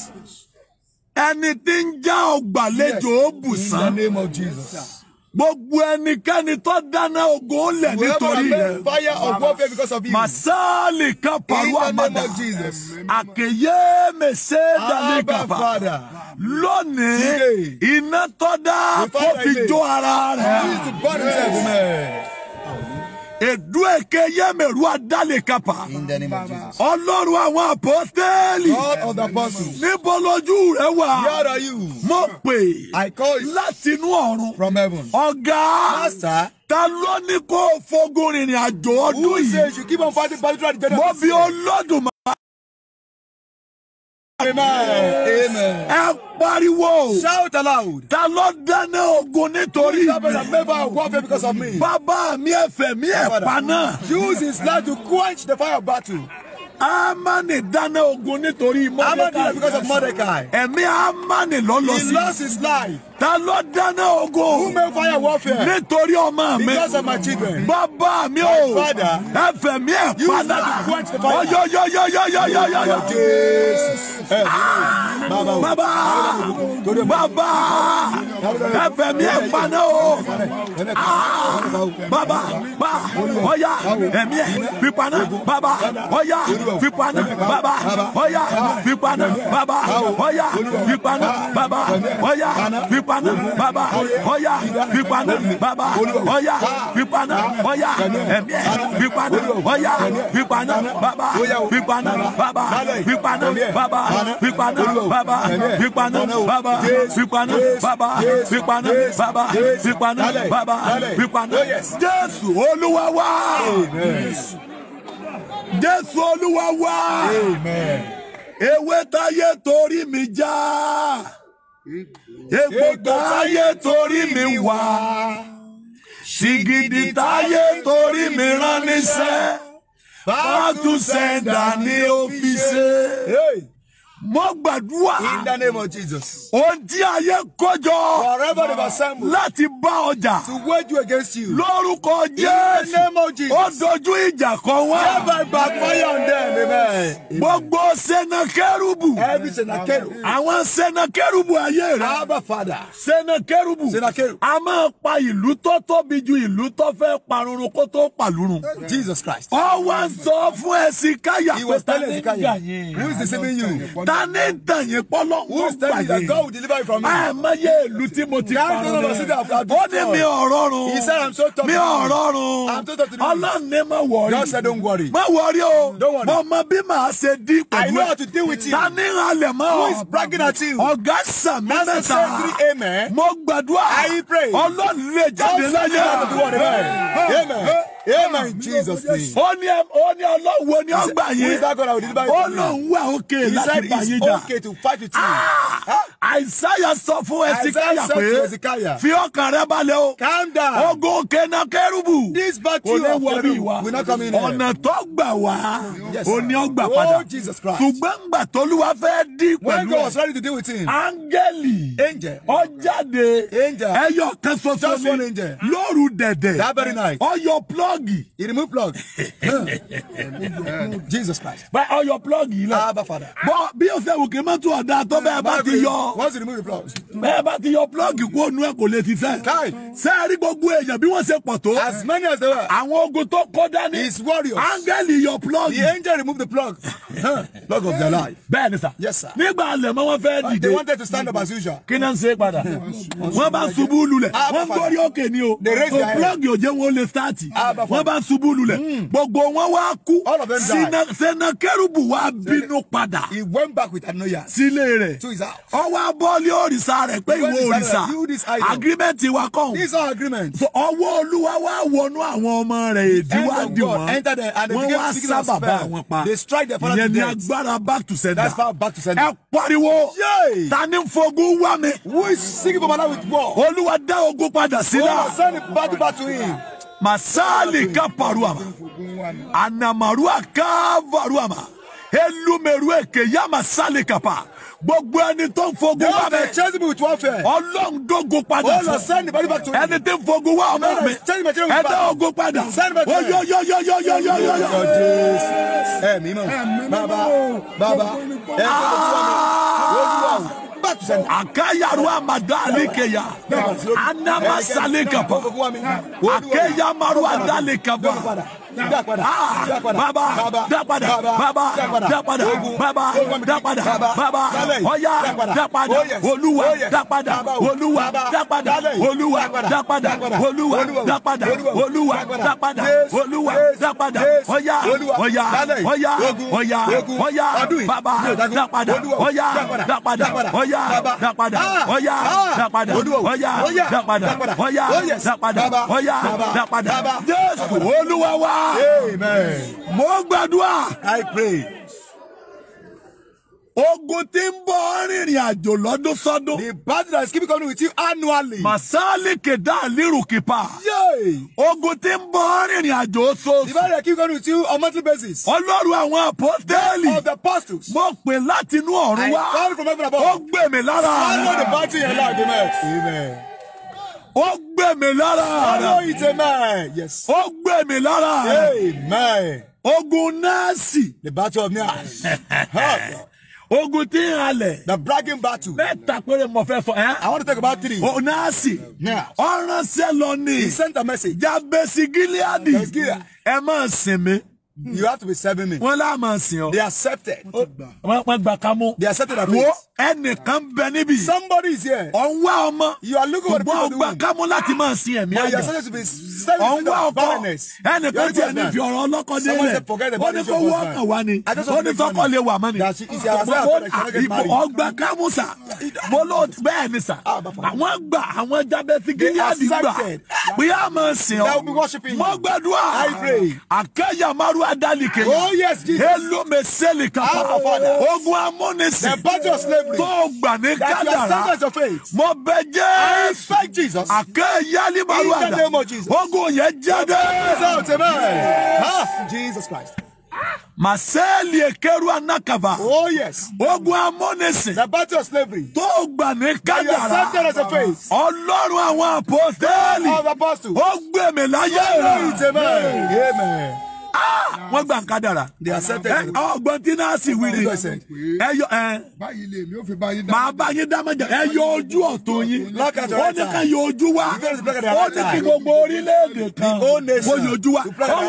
Ẹni tí ń já ọgbàlejò ó bùsàn. In the name of Jesus gbogbo ẹnikẹ́ni tó dáná ogun ó lẹ̀ nítorí rẹ̀ masali kaparu amada àkèyé mèsè dàní kapa lónìí iná tó dá kó fi jó ara rẹ̀. Èdú èké Yẹ́mẹ̀rú Adálè Kapa. Ọlọ́run àwọn apọ́sítẹ́ẹ̀lì. Níbo lójú rẹ wà? Mo pè láti inú ọ̀run. Ọ̀gá ta ló ní kó fogun rìnrìn àjò ọdún yìí. mo fi Olódùmarè. Amen. Amen. Ẹ Shout aloud. The Lord dáná ogun nítorí mi? Never warfare because of me. Bàbá mi ẹ̀fẹ̀ mi ẹ̀ Use his life to quench the fire of battle. Amani dáná ogun nítorí Mordecai. Amani because of Mordecai. Ẹ̀mí Amani lọ lọ sí. lost his life. The Lord dáná Ogo, who made fire warfare. nítorí ọmọ mi. because of my children. Baba, mi o. my father. ẹfẹ̀ mi ẹ̀ padà. you quench the fire. Oh ọyọ yọ yọ yọ yọ yọ yọ yọ. bàbá bàbá bàbá ẹfẹ̀ mi ẹ̀ padà o. Ah. bàbá bá ọyà ẹ̀mí ẹ̀ fipana Baba, Oya, fipana Baba, Oya, fipana Baba, Oya, fipana Baba, Oya, fipana pípaná bàbá ọ̀yà pípaná bàbá ọ̀yà pípaná ọ̀yà ẹ̀mí ẹ̀ pípaná ọ̀yà pípaná bàbá pípaná bàbá pípaná bàbá pípaná bàbá pípaná bàbá pípaná bàbá pípaná bàbá pípaná bàbá pípaná Jésù Jésù Olúwa wá ewé táyé torí mi já. Epo táyé torí mi wá sigidi táyé torí mi rán níṣẹ́ bá tún sẹ́ńdà ní ọ́fíìsì mo gbàdúrà. in the name of Jesus. ohun ayé kójọ. forever the were láti bá ọjà. to wage you against you. lórúkọ Jésù. in the name of Jesus. ó dojú ìjà kọ wá. never backfire on them amen. gbogbo senakẹrubu. every senakẹrubu. àwọn senakẹrubu ayé rẹ. abba father. senakẹrubu. senakẹrubu. a máa pa ìlú tó tóbi ju ìlú tó fẹ́ parun kó tó pàlúrun. Jesus Christ. ó wá ń sọ fún ẹ̀sìn káyà. he was telling ẹ̀sìn káyà. who is deceiving you telling you God will deliver from me? I am luti moti. don't know ta ní ìtàn yẹn pọ́lọ́ ń gbà yẹn àìmọye ìlú tí mo ti parun náà ó ní mi ò rọrùn mi ò rọrùn ọlọ́run ní má wọrí má wọrí o mo mọ bí màá ṣe dí pẹ̀lú ẹ̀ ta ní ìhàlẹ̀ mọ́ ọ̀gá sàmì mẹ́ta mo gbàdúrà ọlọ́run lè jáde láyé. Amen Jesus name. Ó ní ó ní ọlọ́run wo ni ó gbà yín. Ó lóun wà òkè láti bá yín jà. okay to fight with you. Ah, Àìsáyà sọ fún Ẹ̀sìkáyà pé fi ọkàn rẹ balẹ̀ o. Calm down. Ogun òkè náà kẹ́rùbù. This battle of Kerubu We're not coming in here. Ọ̀nà tó gbà wá. Ó ní ó gbà oh, When God was ready to deal with him. Áńgẹ́lì. Angel. Ó jáde. Angel. Ẹyọ kan ṣoṣo ni. Just one angel. Lóru dẹ̀dẹ̀. That very night. Ó your plot plug. He removed plug. (laughs) Jesus Christ. But all your plug yìí lọ. Abba ah, Father. Bọ́ bí o fẹ́ wò kí n má tún ọ̀dà tó bẹ́ẹ̀ bá ti yọ. Once you remove the plug. Bẹ́ẹ̀ bá ti yọ plug kó nu ẹ̀ kò lè ti fẹ́. Káì. Sẹ́ẹ̀rí gbogbo èèyàn bí wọ́n ṣe pọ̀ tó. As many as they were. I want go talk kó dání. His warriors. Áńgẹ́lì your plug. The angel remove the plug. (laughs) plug of their life. Ben sir, Yes sir. Nígbà àlẹ̀ mọ́ wọ́n fẹ́ dìde. They wanted to stand up as usual. Kí náà ń ṣe padà? (laughs) Wọ́n bá ṣubú go ah, Wọ́n gbórí òkè ni o. They raised their hand. plug yóò jẹ́ wọn ó lè wọ́n bá ṣubú lulẹ̀ hmm. gbogbo wọn wá kú sẹnakẹrùbù wá bínú padà sílé rẹ̀ ọwọ́ abọ́lé òrìṣà rẹ̀ pé ìwọ òrìṣà agreement wa kàn ọwọ́ olúwa wá wọnú àwọn ọmọ rẹ̀ èdè wá dì wọ́n wọ́n wá sá bàbá wọn pa ìyẹn ní agbára back to center. ẹ pariwo ta ni fogun wá mi olúwa dá ogun padà sílá masali kaparuama anamarua kavaruama elumerue keya masali kapa gbogbo ẹni tó ń fogun wá bẹ ọlọ́run dógun padà fún ẹni tí ń fogun wá ọmọ mi ẹni tó ogun padà oyoyoyoyoyoyoyo. ẹ̀mí mọ̀ bàbá bàbá ẹ̀ka tó tó wà mí lójú Akaya Akayarua madalikeya. Anama salika salikapa. Akeya marua dalikapa dá padà bàbá dá padà bàbá dá padà bàbá dá padà bàbá ọ̀yá dá padà olúwa dá padà olúwa dá padà olúwa dá padà olúwa dá padà olúwa dá padà olúwa dá padà ọ̀yá ọ̀yá ọ̀yá ọ̀yá ọ̀yá bàbá dá padà ọ̀yá dá padà ọ̀yá dá padà ọ̀yá dá padà ọ̀yá dá padà ọ̀yá dá padà ọ̀yá dá padà Jésù olúwa wa. Amen. Mo gbàdúrà. I pray. Ogun tí ń bọ̀ rìnrìn àjò lọ́dún sọ́dún. The battle that is keeping coming with you annually. Màsáálì kèdá àlérò kìpa. Ogun tí ń bọ̀ rìnrìn àjò oṣooṣù. The battle that keeps coming with you on monthly basis. Ọlọ́run àwọn apọ́sítẹ́ẹ̀lì. Of the apostles. Mo pè láti inú ọ̀run wá. I come from heaven above. Ó gbèmí lára. Sọ́nà the battle yẹn láàgbé Amen. Amen. Ó gbé mi lára. Follow Yes. Ó gbé mi lára. Ogun Nasi. The battle of (laughs) Ogun tí ń halẹ̀. The bragging battle. Mẹ́ta péré mo fẹ́ fọ. I want to A about O Nasi. Ọ̀ránṣẹ́ lọ ni. He sent a message. Jabesi máa sinmi. Hmm. you have to be serving me. wọ́n láàmà sìn ọ́. they accepted. wọ́n gba kámú. they accepted at least. wo ẹnìkan bẹ níbí. somebody is here. ọ̀n wá ọmọ. you are looking for the people to win. ọ̀n gba kámú láti máa sin ẹ̀mí àgbà. but you are supposed to be serving ọ̀n wá ọkọ ẹnìkan tiẹ̀ ní fi ọ̀rọ̀ ọlọ́kọ délẹ̀. ó ní kó wọ́ ọkàn wá ni. ó ní tọkọ lè wà mọ́ ni. ọgbà kámú sà. bọ́lọ̀ bẹ́ẹ̀ ni sà. Ah, àwọn gbà àwọn jábẹ́sí gíláàdì gbà. we are máa sìn ọ́. mọ́gbàdúrà. àkẹ́yàmárù Madalike. Oh yes, Jesus. Elo meselika papa oh, father. Ogun amúnisìn. The battle of slavery. Tó gbà ní That you are servants of faith. Mo bẹ Jésù. I respect Jesus. Àkẹ́ ìyáálé màlúù In the name of Jesus. Ogun yẹn jáde. Jesus, amen. Ah, Jesus Christ. Maseli ekeru anakava. Oh yes. Ogun amúnisìn. The battle of slavery. Tó gbà ní kádàrá. You are servants of faith. Ọlọ́run àwọn apostoli. Of apostles. Ó gbèmí láyé rẹ̀. Amen. Amen. Ah, wọ́n gbà ń kádàrà ọgbọ́n tí náà sì wí ni ẹyọ ẹ máa bá yín dámọ̀jà ẹ yọ ojú ọ̀tún yín ó ní ká yọ ojú wa ó ní kí gbogbo orílẹ̀-èdè kan wọ́n yọ ojú wa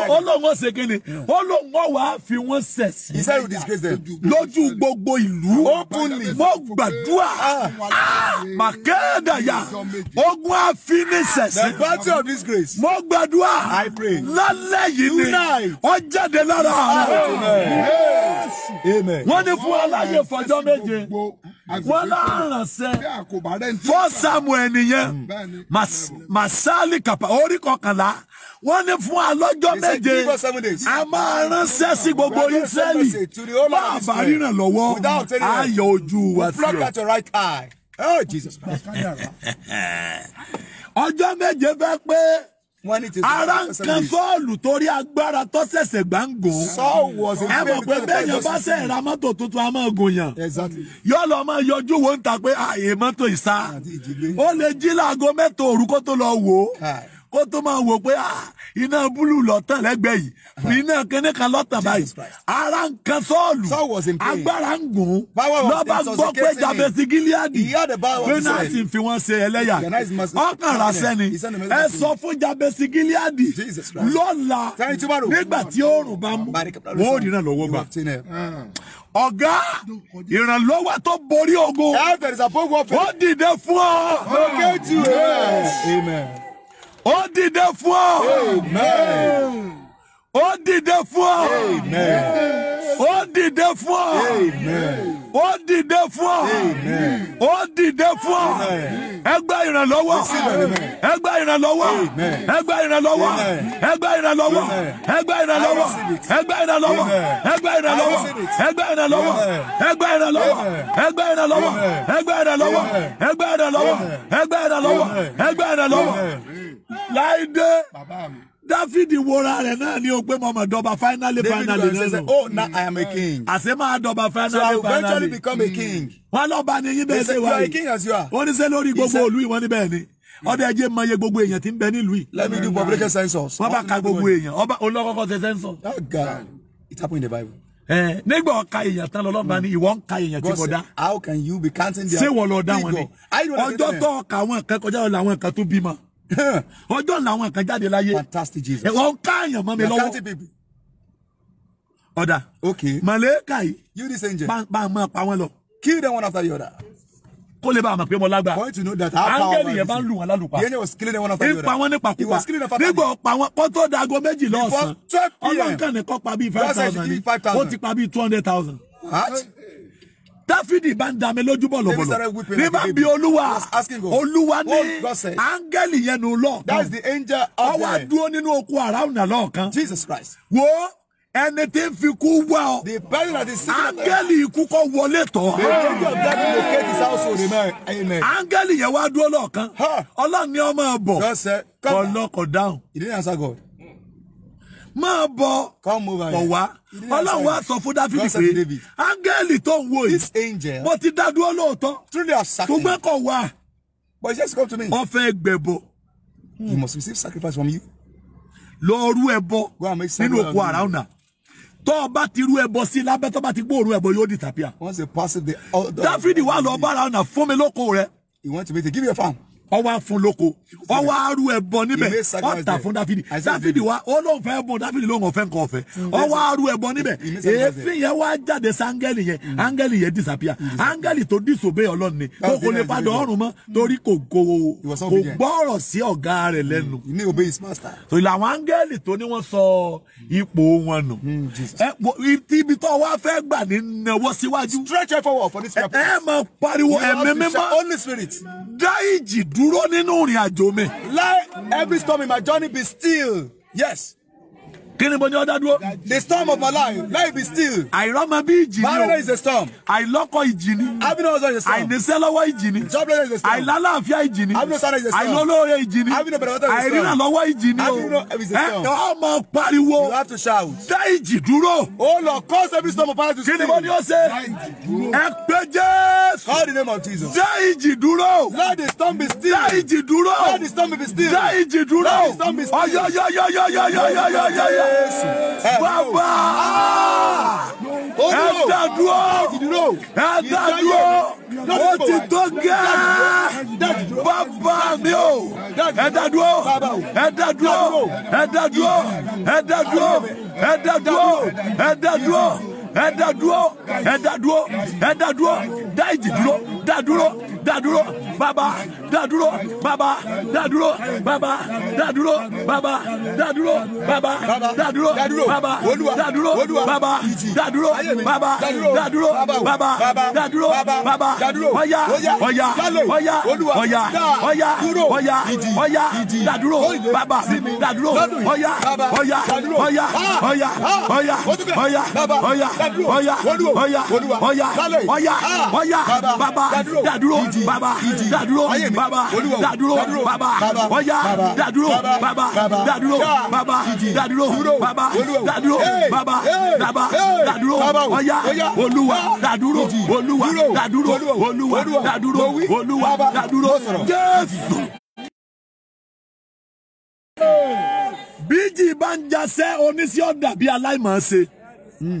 ó lóun ó ṣe kí ni ó lóun ó wàá fi wọ́n sẹ̀sìn lójú gbogbo ìlú mo gbàdúrà ah. màkẹ́dàyà ogun àfinisẹ̀sìn mo gbàdúrà lálẹ́ yìí ni wọ́n jáde lára rẹ̀ wọ́n ní fún aláyè fọjọ́ méje wọ́n lárànṣẹ́ fọ́ Samuel nìyẹn masali kapa orí kọkànlá wọ́n ní fún alọ́jọ́ méje a máa ránṣẹ́ sí gbogbo Ísírẹ́lì bá a bá ríran lọ́wọ́ a yọ ojú wa sí ọ. Oh, (laughs) ọjọ́ méje fẹ́ pé ara nǹkan sọ́ọ̀lù torí agbára tó ṣẹ̀ṣẹ̀ gbàǹgò ẹ mọ̀ pé bẹ́ẹ̀yàn bá ṣe ra mọ́tò tuntun a máa gòyàn yóò lọ máa yọjú wo ń ta pé àyè ah, mọ́tò ìsá ó lè jí láago mẹ́ta òru kó tó lọ wò ó ah. kó tó máa wò pé ah, iná búlù lọ́tàn lẹ́gbẹ̀ẹ́ yìí uh-huh. iná kíní kan lọ́tàn báyìí ara ń kan sọ́ọ̀lù agbára ń gùn lọ́ba gbọ́ pé jabesi gileadi venasi fi wọ́n ṣe ẹlẹ́yà ọkàn rasẹ́ni ẹ sọ fún jabesi gileadi lọ́la nígbà tí oòrùn bá mú wọ́n ò ní lọ́wọ́ gbà ah. ọ̀gá ìrànlọ́wọ́ tó borí ogun ó dìde fún ọ ó dìde fún ọ. Amen. ó dìde fún ọ. Amen. ó dìde fún ọ. Amen ó dìde fún ọ ó dìde fún ọ ẹgbẹ́ ìrànlọ́wọ́ ẹgbẹ́ ìrànlọ́wọ́ ẹgbẹ́ ìrànlọ́wọ́ ẹgbẹ́ ìrànlọ́wọ́ ẹgbẹ́ ìrànlọ́wọ́ ẹgbẹ́ ìrànlọ́wọ́ ẹgbẹ́ ìrànlọ́wọ́ ẹgbẹ́ ìrànlọ́wọ́ ẹgbẹ́ ìrànlọ́wọ́ ẹgbẹ́ ìrànlọ́wọ́ ẹgbẹ́ ìrànlọ́wọ́ ẹgbẹ́ ìrànlọ́wọ́ ẹgbẹ́ ìrànlọ́wọ́ ẹgbẹ́ ìrànlọ́wọ́ láìdé dáfídì wora rẹ̀ náà ni o pé mo mọ̀ dọ̀bà finally finally náà nù. oh now I am a king. àṣé máa dọ̀bà finally finally. so I will eventually become a king. Hmm. wọn lọ bá ní yín bẹ́ẹ̀ ṣe wáyé. they say you are a king as you are. ó ní sẹ́ lórí gbogbo ìlú ìwọ́n níbẹ̀ ni hmm. ọdẹ ẹjẹ máa yẹ gbogbo èèyàn tí ń bẹ nílùú yìí. let me do population census. wọ́n bá ka gbogbo èèyàn ọba olókọ́kọ́ ṣe census. oh God it happened in the bible. ẹ nígbà ọ̀ka èèyàn tán lọ́lọ́ba ni ìwọ ń ka èèyàn tí kò dá. how can you be counting their figure? ṣé wọ́n lọ dá wọn ni ọjọ́ tó ọ̀ka àwọn nǹkan kọjá lọ làwọn nǹkan tó bímọ. (laughs) ọjọ́ làwọn kan jáde láyé fantastic Jesus ẹ̀wọ̀n káàyàn mọ́ mi lọ́wọ́ ọ̀dà okay màlẹ́kà yìí you this angel bá a máa pa wọn lọ. kill them one after the other. kó lè bá a mọ̀ pé mo lágbà. point to know that how power angel yẹn bá ń lù wọn lálùpà. the angel was killing them one after the other. ipa wọn nípa kúpa nígbà pa wọn kó tó dago méjì lọ́sàn-án ọlọ́nkàn ní kọ́ pa bíi five thousand ní ó ti pa bíi two hundred thousand dáfídì bá ń da mi lójú bọ̀ lọ́bọ̀lọ́ ní bá bí olúwa olúwa ní áńgẹ́lì yẹn nù lọ́ọ̀kan ọwọ́ àdúró nínú oko àràùnà lọ́ọ̀kan wo ẹni tí ń fi kú wá ọ áńgẹ́lì ikú kọ́ wọlé tọ́ áńgẹ́lì yẹn wá dúró lọ́ọ̀kan ọlọ́ọ̀ni ọmọ ẹ̀ bọ̀ ọlọ́kọ̀ dáhùn máa bọ̀ bọ̀ wá ọlọ́run wa sọ fún dáfídì pé áńgẹ́lì tó ń wo yìí mo ti dá dúró lóòótọ́ ṣùgbọ́n kò wá wọ́n fẹ́ gbẹ̀bọ̀. Hmm. you must receive sacrifice from you. lọ rú ẹbọ nínú oko àràúnà tọ́ ọ bá ti rú ẹbọ sí lábẹ́ tọ́ bá ti gbóòórùn ẹbọ yóò disappear. dáfídì wà lọ bá àràúnà fún mi lóko rẹ. he went to meet you give me a farm ọwọ́ fún lóko ọwọ́ arú ẹbọ níbẹ̀ ọ̀tà fún dáfídì dáfídì wa olóhùn fẹ́ bọ̀ dáfídì lóhùn ọ̀fẹ́ nǹkan ọ̀fẹ́ ọwọ́ arú ẹbọ níbẹ̀ èéfín yẹn wá jáde sí mm. áńgẹ́lì yẹn áńgẹ́lì yẹn disapia áńgẹ́lì tó disobey ọlọ́run ni kó kò lè padà ọ̀run mọ́ mm. torí kò gbọ́rọ̀ sí ọ̀gá rẹ̀ lẹ́nu so làwọn áńgẹ́lì tó ní wọ́n sọ ipò wọn nù mm, ibi tó wá fẹ́ gbà ní nawọ́ síwájú ẹ máa pariwo ẹ̀mí mímọ́ dá ìjì dú dúró nínú ìrìn àjò mi. let every storm in my journey be still. yes kí ni mo ní ọdá dúró. the storm of my life life be still. àìrọ́mọ bí ìjì ni o. marriage is a storm. àìlọ́kọ ìjì ni. happiness is a storm. àìníṣẹ́ lọ́wọ́ ìjì ni. jobless is a storm. àìlálàáfíà ìjì ni. happiness is a storm. àìlólóore ìjì ni. happiness is a storm. àìrìnà lọ́wọ́ ìjì ni o. happiness is a storm. ẹ ọmọ pariwo. you have to shout. dá ìjì dúró. o oh, lọ cause every storm of my life to stay. kí ni mo ní ó ṣe. ẹ pé Jésù. call the name of Jesus. dá ìjì dúró. let the storm be still. dá ìjì dúró. let the storm be still. dá ìjì dúró. let the storm be still. ọyọyọyọyọyọyọyọyọ jésù bàbá ẹ dàdúró ẹ dàdúró ó ti tó gẹ́ẹ́ bàbá mi o ẹ dàdúró ẹ dàdúró ẹ dàdúró ẹ dàdúró ẹ dàdúró ẹ dàdúró ẹ dá dúró ẹ dá dúró ẹ dá dúró dá ìjì dúró dá dúró dá dúró bàbá dá dúró bàbá dá dúró bàbá dá dúró bàbá dá dúró bàbá dá dúró bàbá dá dúró bàbá dá dúró bàbá dá dúró bàbá dá dúró bàbá ọ̀yá ọ̀yá ọ̀yá ọ̀yá ọ̀yá ọ̀yá ọ̀yá dá dúró bàbá dá dúró ọ̀yá ọ̀yá ọ̀yá ọ̀yá ọ̀yá ọ̀yá ọ̀yá ọ̀yà ọ̀yà ọ̀yà ọ̀yà ọ̀yà bàbá dàdúró bàbá dàdúró bàbá dàdúró bàbá bíjì bá ń jasẹ́ oníṣẹ́ ọ̀dà bíi aláìmọ̀ ṣe. Hmm.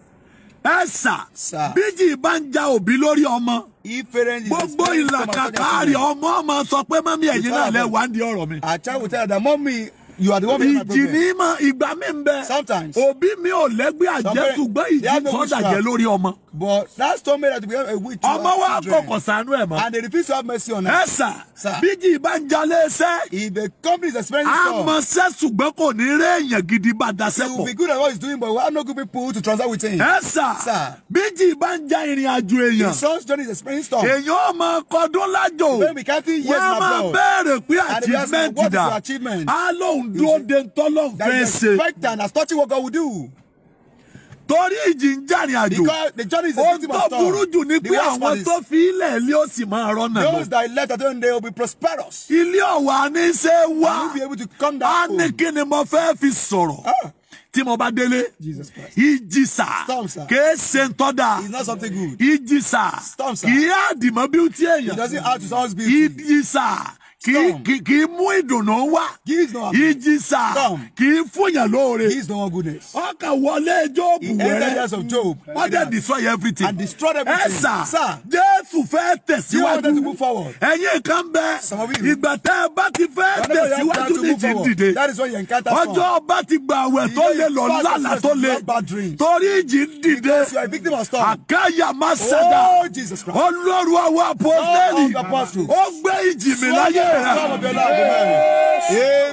ẹ sà bíjì bá ń ja òbí lórí ọmọ gbogbo ìlàkàkà rẹ ọmọ ọmọ sọ pé mọ́mí ẹ̀yin náà lẹ wá ń di ọ̀rọ̀ mi. you are the one behind my problem. ìjì ní ìgbà mi ń bẹ. sometimes òbí mi ò lẹ́gbẹ́ àjẹsùgbọ́n ìjì sọ́dà jẹ lórí ọmọ. But that stone made that we have a witch. Ọmọ wa kọkọ sànú ẹ̀ mọ́. And they refuse to have mercy on her. Ẹ sà. Sà. Bíjì bá ń jalè ẹsẹ̀. If the company is experiencing storm. Àmọ́ sẹ́ ṣùgbọ́n kò ní rí èèyàn gidi bá daṣẹ́ pọ̀. He will be good at what he is doing but we have no good people to transact with him. Ẹ sà. Sà. Bíjì bá ń ja ìrìn àjò èèyàn. His son's journey is experiencing storm. Èèyàn ọmọ kọdún lájò. When we counting years in abroad. Wọ́n máa bẹ̀rẹ̀ pé achievement dà. And they what is your achievement? Á lóun dúró de ntọ́lọ́ fẹ́ ṣe. as touching what God will do torí ìjì ń jàrin àjò ohun tó burú jù ni pé àwọn tó fi ilẹ̀ ilé ó sì máa rọ́nà lọ. those that left at home they will be prosperous. ilé ọ̀wà ní ṣe wá a ní kí ni mo fẹ́ fi sọ̀rọ̀ ah. tí mo bá délé ìjìsà kìí ṣe ń tọ́da ìjìsà kìí àdìmọ́ bí ó ti èèyàn ìjìsà kì í mú ìdùnnú wá ìjì sà kì í fúnyàn lóore ọkà wọlé Jóòbù wẹrẹ wọ́n destroy everything ẹ sà Jésù fẹ́ tẹ̀síwájú ẹ̀yin kan bẹ ìgbà tẹ́ ẹ bá ti fẹ́ tẹ̀síwájú ní jíǹdìde ọjọ́ bá ti gba àwẹ̀ tó lè lọ lánàá tó lè torí jíǹdìde àkáyà má sẹ́dá Ọlọ́run àwọn apọ́sẹ́lì ó gbé ìjì mi láyé.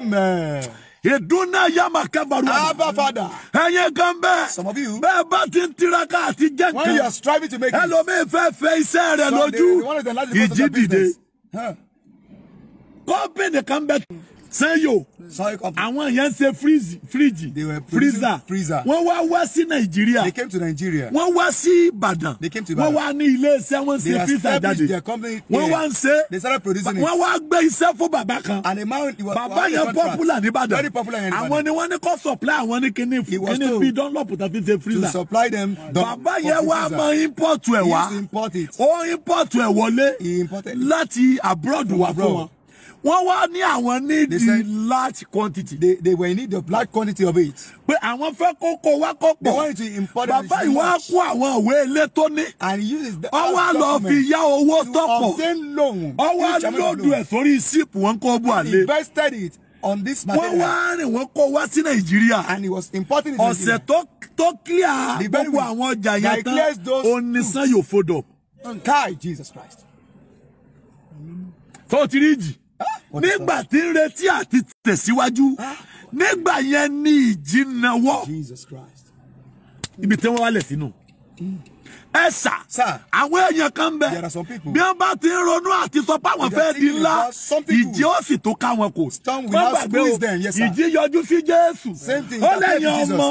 Amen. Ìdúná yàmà kábàrú. Abba Father. Ẹyẹ kan Some of you. Bẹ́ẹ̀ bá ti tiraka àti jẹ́ When you are striving to make it. Ẹlòmíì fẹ́ fẹ́ iṣẹ́ rẹ̀ lójú. Ìjì dìde. Kọ́pì nìkan bẹ́ẹ̀ sanyo àwọn yẹn ń ṣe fíríjì freezer wọ́n wá wá sí nàìjíríà wọ́n wá sí ìbàdàn wọ́n wá ní ilé iṣẹ́ wọ́n ń ṣe freezer jáde wọ́n wá ń ṣe wọ́n wá gbé iṣẹ́ fún bàbá kan bàbá yẹn popular ní ìbàdàn àwọn ni wọ́n ní kó supply àwọn ní kíní kíní bí dunlop tó fi ṣe freezer bàbá yẹn wá mọ import ẹ̀ wá ó import ẹ̀ wọlé láti abroad wá fún wọn wọ́n wá ní àwọn ní the large quantity. they they were in need of large quantity of it. pé àwọn fẹ́ kó kó wá kó pọ̀. they wanted to import it? bàbá ìwọ á kó àwọn ìwé ilé tó ní. and he uses the all documents. ọwọ́ àlọ́ fi yá owó tọ̀pọ̀. to obtain loan. ọwọ́ àlọ́dù ẹ̀ sórí síìpù wọn kó bú àlè. he invested it on this material. wọ́n wá rìn wọ́n kó wá sí nàìjíríà. and he was importing it. ọ̀sẹ̀ tó tó clear gbogbo àwọn ọjà yẹn tán onisan yóò kai Jesus Christ. tó ti rí jì nígbà tí ń retí àti tẹ̀síwájú nígbà yẹn ni ìjìnàwọ́ ibi tí wọ́n wálẹ̀ sínú. Mm ẹ sà àwọn èèyàn kan bẹ bí wọn bá ti ń ronú àti sọ pé àwọn fẹẹ di ńlá ìjì ó sì tó ká wọn kò wọn gbàgbé o ìjì yọjú sí Jésù ó lẹ́yìn ọmọ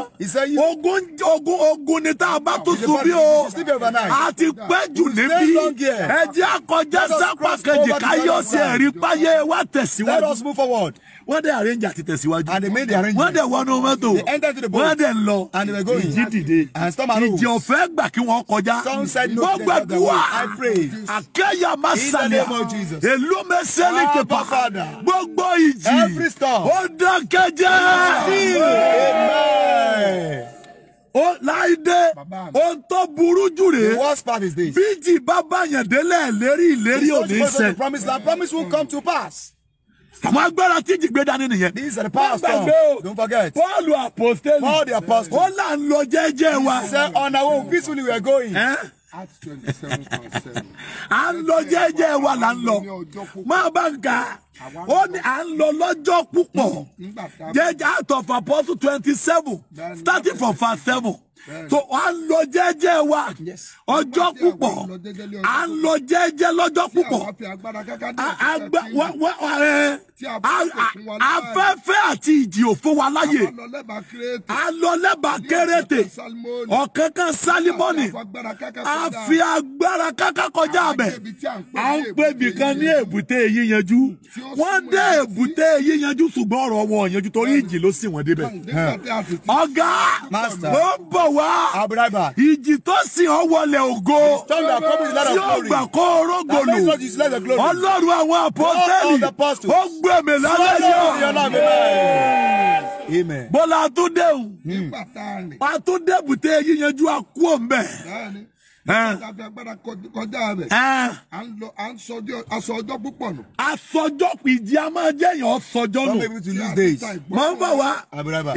ogun ogun ogun ni tá a bá ah, tún sun bí o a ti ah, pẹ́ jù níbí ẹ jẹ́ àkọjá sápá kejì káyọ̀ sí ẹ̀rí páyé wa tẹ̀síwájú wọ́n dẹ̀ arrange àti tẹ̀síwájú. and they made the arrangement. wọ́n dẹ̀ wọnú mọ́tò. they entered to the boat. wọ́n dẹ̀ lọ. and they were going. ìjì dìde. and storm arose. ìjì ọ̀fẹ́ gbà kí wọ́n kọjá. some said no to the other way. I pray. akẹ́yà má sàlẹ̀. in the name of Jesus. èló mẹ́sẹ́lì ti pa. gbogbo ìjì. every storm. ó dákẹ́ jẹ́. still amen ó láìdé ohun tó burú jù rèé bíjì bá bàyàn délẹ̀ lérí ìlérí ò ní í ṣẹ. the promise land promise will come to pass àwọn agbára tí jìgbé dání nìyẹn. these are the past times don't forget. Paul apostoli. Paul the apostoli. ó là ń lọ jẹ́jẹ́ wa. he said on our own peacefully we are going. Eh? Acts twenty seven point seven. à ń lọ jẹ́jẹ́ wa là ń lọ máa bá ń ga ó ní à ń lọ lọ́jọ́ púpọ̀ jẹ́jẹ́ Acts of Apostles twenty seven starting from verse seven so à ń lọ jẹ́jẹ́ wa ọjọ́ púpọ̀ à ń lọ jẹ́jẹ́ lọ́jọ́ púpọ̀ afẹ́fẹ́ àti ìjì ò fún wa láyè à ń lọ lẹ́bà kéréte ọ̀kẹ́kẹ́ sálímọ́nì àfi agbára káká kọjá abẹ à ń pè bìkan ní èbúté yíyanjú wọ́n dé èbúté yíyanjú ṣùgbọ́n ọ̀rọ̀ wọn ò yanjú torí ìjì ló sì wọ́n débẹ̀ ọ̀gá ló ń bọ̀ bọ̀ wá. Ìjì tó sìn ọ́ wọlé ògo. Tí ó gbà kó orógbòlù. Ọlọ́run àwọn àpọ́sẹ́lì. Ó gbé mi lálẹ́ yọ. Bọ́lá Atúndé o. Atúndé hmm. bùtẹ́ yíyanjú akú òun bẹ́ẹ̀ tàbí agbára kọjá rẹ̀ à ń sọ ọjọ́ púpọ̀ nù. asọjọ́ ìdí a máa jẹ́ èèyàn sọjọ́ nù mọ̀ ń bọ̀ wá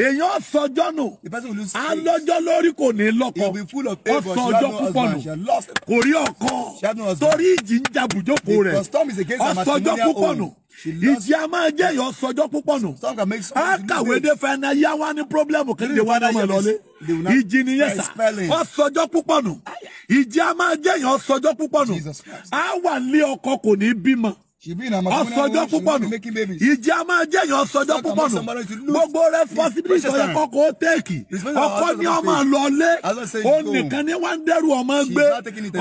èèyàn sọjọ́ nù alọ́jọ́ lórí kò ní lọ́kọ ó sọjọ́ púpọ̀ nù kò rí ọkọ torí ìjì ń jabùjókòó rẹ̀ ó púpọ̀ nù ìtì a máa jẹ́ ìyọ́ sọjọ́ púpọ̀ nù a kàwé dé fẹ́ náà yá wá ní pírọ́blẹ́mù kéde wá náà mọ̀ lọ́lé ìjì nìyẹn sà ọ sọjọ́ púpọ̀ nù ìjì a máa jẹ́ ìyọ́ sọjọ́ púpọ̀ nù a wà ní ọkọ kò ní bímọ ọsọjọ púpọ̀ nù ìjẹ́ a máa jẹ́ yàn ọsọjọ púpọ̀ nù gbogbo responsibility ọ̀yẹ́ kọ́kọ́ tẹ́ẹ̀kì ọkọ ní ọmọ lọlé onìkan ní wọ́n ń dẹ́rù ọmọ gbé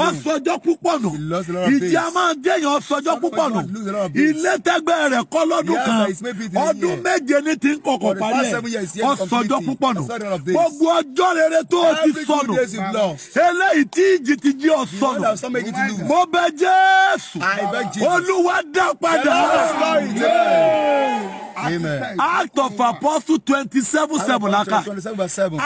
ọsọjọ púpọ̀ nù ìjẹ́ a máa jẹ́ yàn ọsọjọ púpọ̀ nù ilé tẹ́gbẹ́ rẹ̀ kọ́ lọ́dún kan ọdún méje ní ti ń kọ̀kọ̀ parí ẹ̀ ọsọjọ púpọ̀ nù gbogbo ọjọ́ rere tó o ti sọnù eléyìí tí ìjì ti jí ọ̀sọ̀nù mo bẹ̀ Jésù olúwa dá padà. Act of Apostle twenty seven seven laka.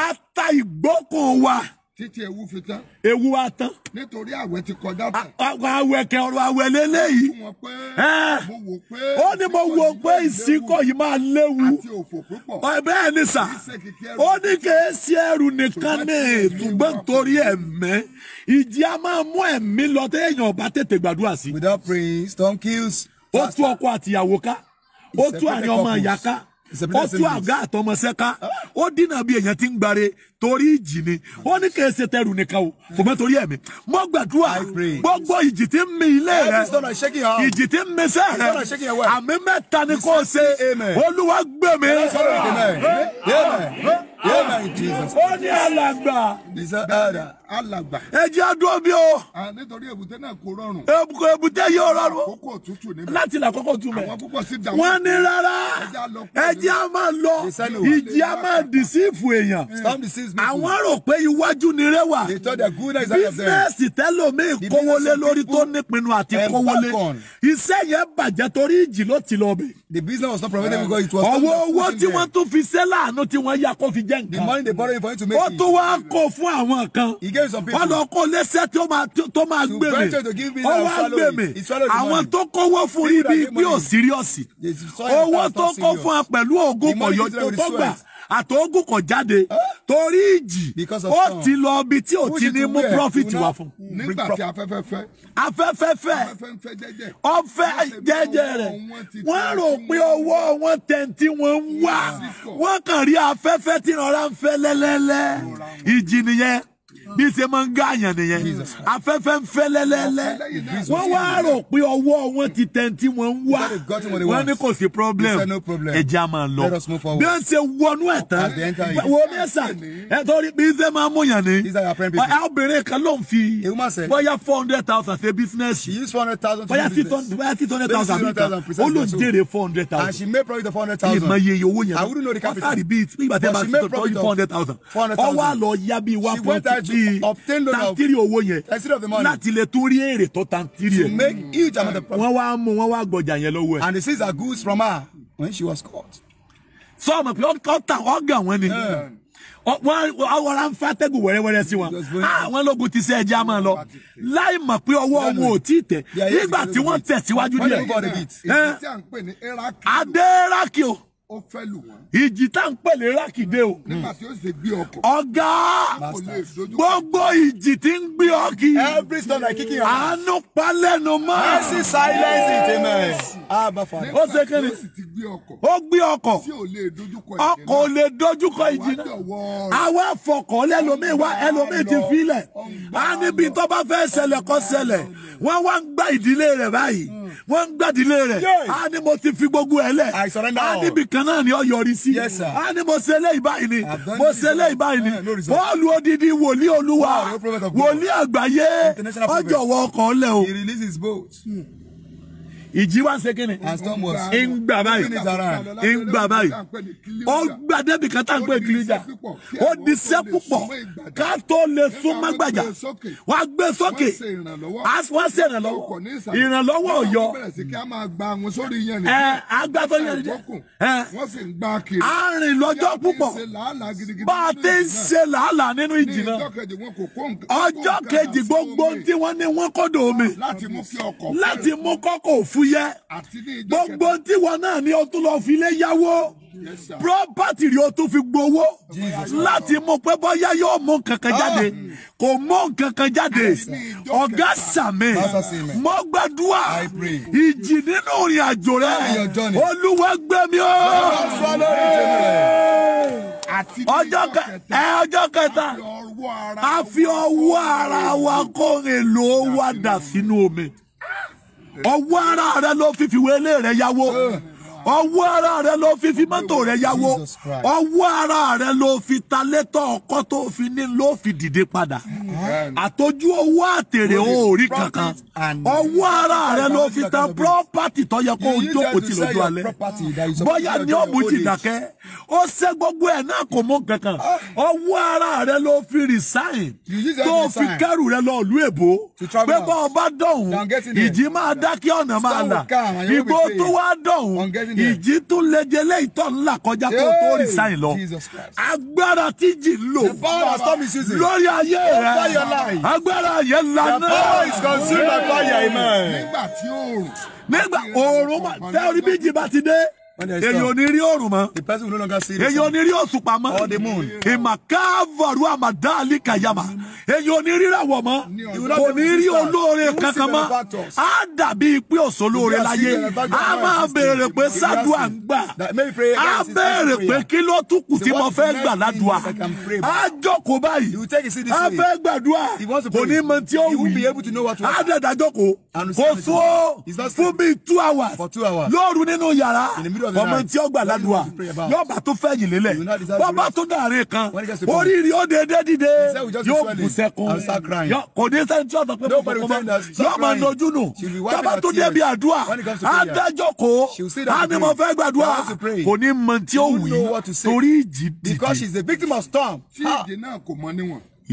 Ata ìgbókùn wa títí ewu fi tán. ewu wa tán. nítorí àwẹ̀ ti kọjá tán. àwẹ̀ kẹ àwẹ̀ lélẹ́yìí. ó ní mo wò pé ìsìnkọ yìí máa léwu. bẹ́ẹ̀ ni sà ó ní kèé sí ẹrù nìkan ní ètùgbọ́n torí ẹ̀mẹ́ ìjì a máa mú ẹ̀mí lọ téèyàn bá tètè gbàdúrà sí. without praying storm kills. ó tú ọkọ àtìyàwó ká ó tú àárín ọmọ ìyá ká ó tú àga àtọmọṣẹ ká ó dínà bí èèyàn ti ń gbare torí ìjì ni ó ní kí n ṣe tẹrù nìkan o ṣùgbọ́n torí ẹ̀mí mo gbàdúrà gbogbo ìjì tí ń mi ilé rẹ ìjì tí ń mi sẹ́ rẹ àmì mẹ́ta ni kò ṣe olúwa gbé Ah. Ó ní alàgbà. Nìṣẹ́ ẹ̀rẹ̀ uh, alàgbà. Ẹjẹ́ adúró bí o. Ah, nítorí èbúté náà kò rọrùn. Èbúté yóò rọrùn. Àkókò òtútù níbẹ̀. Láti là kókò òtútù mẹ́. Àwọn púpọ̀ sí dàwọn. Wọ́n ní rárá. Ẹjẹ́ a máa lọ. Ìjì a máa dìsífù èèyàn. Hmm. Àwọn rò pé iwájú ni rẹwà. Bísínẹ́sì tẹ́lòmíì kówólé lórí tó nípinnu àti kówólé. Iṣẹ́ yẹn bàjẹ́ torí ìjì ló ti lọ bẹ̀. The business was not provided hmm. because it was. Ọwọ́ owó tí wọ́n jẹ nǹkan. the money they borrow you for you to make. ó tún wá kó fún àwọn kan. he gave some people. wọ́n lọ kó lẹ́sẹ̀ tó máa tó máa gbé mi. to venture to give me that swallow it. he swallow the money. àwọn tó kówó fún ibi bí ò síríọ̀sì. owó tó kó fún wa pẹ̀lú ògùn kọ̀yọ̀ tó gbà àtọ́gùn kò jáde torí ìjì ó ti lọ ibi tí ò ti ní mú profit wá fún. nígbà tí afẹ́fẹ́ fẹ́. afẹ́fẹ́ fẹ́ ọfẹ́ jẹ́jẹ́ rẹ̀ wọ́n rò pé ọwọ́ wọn tẹ̀ǹtì wọn wá wọ́n kàn rí afẹ́fẹ́ tí rọra ń fẹ́ lẹ́lẹ́lẹ́ ìjì nìyẹn bí ṣe máa ń gáàyàn nìyẹn afẹ́fẹ́ ń fẹ́ lẹ́lẹ́lẹ́ wọ́n wá rò pé ọwọ́ wọn ti tẹ̀ tí wọ́n ń wá wọ́n ní kò sí problem ẹja máa lọ bí wọ́n ṣe wọnú ẹ̀ tán wo mẹ́sà ẹ̀ torí bí ṣe máa mú yàn ní obìnrin kan ló ń fi bóyá four hundred thousand ṣe business bóyá six hundred bóyá six hundred thousand mi kan ó ló ń jèrè four hundred thousand ìmọ̀ iye owó yẹn wọ́n sáré bíi ìgbà tí wọ́n bá ti tọ́jú four hundred thousand ọwọ́ àlọ́ yá bíi one point two sí tantiri owó yẹn láti lè tún rí èrè tó tantiri yẹn. to make huge amount of profit. wá mú wọ́n wá gbọ̀jà yẹn lọ́wọ́ ẹ̀. and he says her goods from her when she was caught. sọ ma pé ọ̀tá ọ̀gàn wọn ni wọn awọra ń fàtẹ́gùn wẹ́rẹ́wẹ́rẹ́ sí wọn àwọn ah, ológun ti sẹ́ ẹja máa lọ láì mọ̀ pé ọwọ́ wọn ò tí ì tẹ̀ nígbà tí wọ́n tẹ̀síwájú díẹ̀ eh? adé rákì o ó fẹ́ lù wọ́n. ìjì tá ń pèlè rákìdé o. nígbà tí ó sì gbé ọkọ̀. ọ̀gá gbogbo ìjì tí ń gbé ọkì. every stone i kick in your mouth. àánú palẹ́nu mọ́. mercy silence it amen. ah bafa. ó ṣe kéde. ó gbé ọkọ̀. ọkọ̀ ò lè dojúkọ ìjì náà. àwa fọkọ̀ lẹ́lòmíì wá ẹlòmíì ti filẹ̀. a níbi tó bá fẹ́ ṣẹlẹ̀ kó ṣẹlẹ̀. wọ́n wá ń gbá ìdílé rẹ̀ báyìí wọ́n ń gbàdílé rẹ̀ á ní mo ti fi gbogbo ẹ̀ lẹ̀ á níbi kan náà ni ọ yọrí sí á ní mo ṣe eléyìí báyìí ni mo ṣe eléyìí báyìí ni eh, bọ́ọ̀lù odidi wòlíì olúwa wòlíì àgbáyé ọjọ́ wọ ọkọ̀ ọ̀lẹ́ o. He releases both. Hmm ìjì wá ń ṣe kí ni ń gbà báyìí ń gbà báyìí ó gbà débi kan tá à ń pè kìlíjà ó di iṣẹ́ púpọ̀ ká tó lè sún mágbàjà wá gbé sókè wá sí ìrànlọ́wọ́ ìrànlọ́wọ́ ọ̀yọ́ ẹ agbátọ́ yẹn jẹ ẹ á rìn lọ́jọ́ púpọ̀ bá a ti ń ṣe làálàá nínú ìjì náà ọjọ́ kejì gbogbo tí wọ́n ní wọ́n kọ́ dòómi láti mú kọ́kọ́ òfu fúyẹ́ gbogbo tí wọn náà ní o tún lọ fi lé yáwó property rí o tún fi gbowó láti mú pé bóyá yóò mú kankan jáde ah. kò mú kankan jáde ọ̀gá sàmì mo gbàdúrà ìjì nínú ìrìn àjò rẹ olúwa gbé mi o ọjọ́ kẹta a fi ọwọ́ ara wa kó èlò wa dà sínú omi ọwọ́ ara rẹ ló fífi wé ilé rẹ yáwó ọwọ́ ara rẹ ló fi fi mọ́tò rẹ yáwó ọwọ́ ara rẹ ló fi ta létọ́ ọkọ́ tó fi ní ló fi dìde padà àtọ́jú owó àtèrè òórí kankan ọwọ́ ara rẹ ló fi ta property tó yẹ kó o jókòó ti lójú alẹ́ bóyá ni ó mú ti dàkẹ́ ó ṣe gbogbo ẹ̀ náà kò mú kankan ah. ọwọ́ ara rẹ ló fi resign tó fi kẹ́rù rẹ lọ ìlú èbó pé bá ọba dọ̀hún ìjì máa dá kí ọ̀nà máa là ìgbó tó wá dọ̀hún ìjì tó lẹ́jẹ̀ lẹ́yìn tó ńlá kọjá tó tó rí sáyìn lọ agbára tí jì ń lò lórí ayé rẹ agbára yẹn lánàá nígbà tí oòrùn nígbà oòrùn tẹ́orí méjì bá ti dé èyí ò ní rí òòrùn mọ́ èyí ò ní rí òṣùpá mọ́ ìmàkàvọ̀rù àmàdáàlì kàyàmà èyí ò ní ríràwọ̀ mọ́ kò ní rí olóore kankan mọ́ á dàbí pé òṣòlóore láyé á máa béèrè pé sádùá ń gbà á béèrè pé kí ló tún kù tí mo fẹ́ gbà ládùá á jókòó báyìí á fẹ́ gbàdúrà kò ní mọ tí ó wù á dàda jókòó kò sóó fún bíi two hours lóru nínú yàrá ọmọ tí ó gbà ládùúwà yóò bá tó fẹ̀yìn lélẹ̀ bọ́bá tó dàrẹ́ kan oríire ó dédé dìde yóò bù sẹ́kùn kò ní sẹ́ni tí ó sọ pé kò kò mọ́ yóò máa dojú nù tọ́ba tó débi àdúrà adájọ́ kò á ní mo fẹ́ gbàdúrà kò ní mọ tí ó wù í torí ìjì dìde.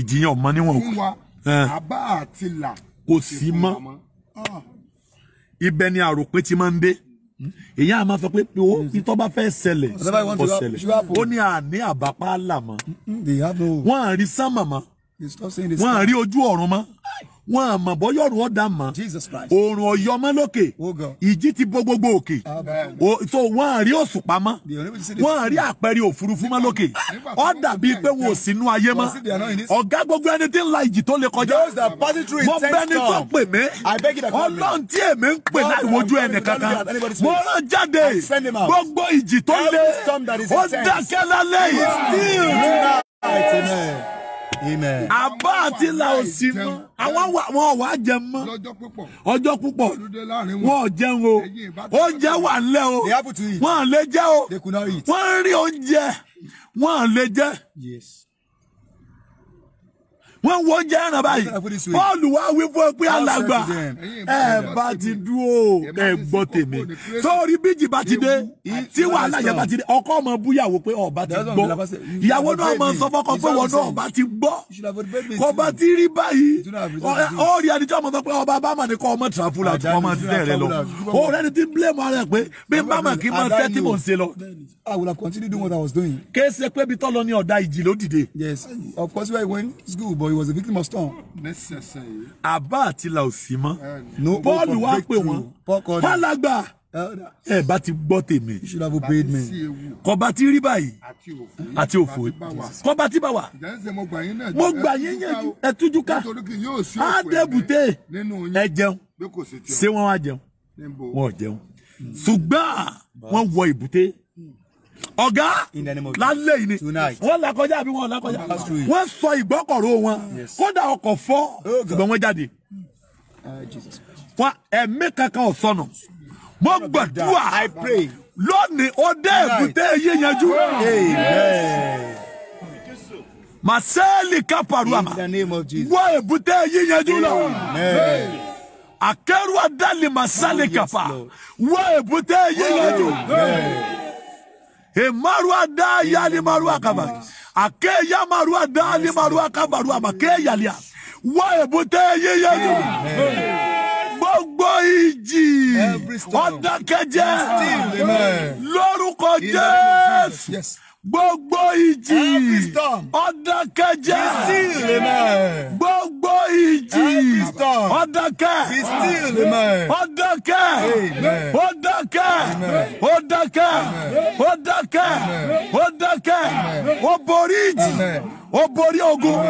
ìjì yẹn ò mọ níwọ̀n. fún kò sí mọ́ ibẹ̀ ni àròpé ti máa ń dé èyí àmọ́ sọ pé owó mm-hmm. tó bá fẹ́ ṣẹlẹ̀ kò ṣẹlẹ̀ ó ní àní àbápá àlà mọ́ wọ́n á sánmà mọ́ wọ́n á ojú ọ̀run mọ́ wọn àmọ̀ bọ́yọ̀ ọ̀rùn ọ̀dà mọ́ oòrùn ọ̀yọ́ mọ́ lókè ìjì ti bọ́ gbogbo òkè so wọn àrí òṣùpá mọ́ wọn àrí àpẹẹrẹ òfurufú mọ́ lókè ó dàbí pé wọn ò sínú ayé mọ́ ọ̀gá gbogbo ẹni tí ń la ìjì tó lè kọjá mo bẹni tó pè mí ọlọ́run tí èmi ń pè láì wojú ẹnì kankan mo rán jáde gbogbo ìjì tó lé ó dákẹ́ lálẹ́ yìí àbá àti ìlà òsì mọ́ àwọn wọn wà jẹ mọ́ ọjọ́ púpọ̀ wọn ò jẹun o oúnjẹ wà nílẹ̀ o wọn ò lè jẹ o wọn rí oúnjẹ wọn ò lè jẹ wọ́n wo oúnjẹ ẹran báyìí Paul wá wí fún ẹ pé alàgbà ẹ bá ti dúró ẹ gbọ́ tèmi sórí bíjì bá ti dé tí wàhálà yẹn bá ti dé ọkọ ọmọ búyàwó pé ọba ti gbọ́ ìyàwó náà máa ń sọ fọ́kọ pé wọn náà ọba ti gbọ́ kò bá ti rí báyìí ó rí ẹni tí ọmọ sọ pé ọba bá mà ní kọ́ ọmọ tìrafúlà tí wọ́n máa ti tẹ̀ rẹ lọ ó rẹ́ ni ti ń blame ara ẹ̀ pé bí n bá mà kí n máa ṣẹ́ tí mò ń ṣe lọ. I will have continued doing what I was doing. kése pé bí tọ́lọ ní ọ̀dà ìjì ló dìde. Yes, of course, when school boy he was a victim of storm. necessary. àbá àti là ò sí mọ́. no paul wá pè wọ́n pálàgbà ẹ bá ti gbọ́ tèmi. should have obeyed me. kọba ti rí báyìí àti òfò kọba ti bá wa. mo gbà yín yẹn ẹ tújú ká á débùté ẹ jẹun ṣé wọ́n wá jẹun wọ́n jẹun ṣùgbọ́n wọ́n wọ ìbúté ọ̀gá lálẹ́ yìí ni wọ́n lakọjá àbí wọ́n lakọjá wọ́n sọ ìgbọ́kọ̀ró wọn kódà ọkọ̀ fọ́ oh, ṣùgbọ́n wọ́n jáde ah, wọn ẹ̀mí kankan ò sọnù mo gbàdúrà lónìí ó dé èbúté eyé yanjú. Màsẹ́ẹ̀lì kápárù àmà wọ èbúté eyé yanjú lọ akẹ́rù adálì màsẹ́ẹ̀lì oh, kápá wọ èbúté eyé yanjú emarua da yali marua kaba ake ya marua da li marua kaba rua ma ke yalia wa ebute ye ye gbogbo ìjì ọ̀dà kẹjẹ lórúkọ Jésù. Gbogbo ìjì ọ̀dàkẹ́jẹ́. Gbogbo ìjì ọ̀dàkẹ́. Ọ̀dàkẹ́. Ọ̀dàkẹ́. Ọ̀dàkẹ́. Ọ̀dàkẹ́. Ọ̀dàkẹ́. Ó borí ìjì. ó ogun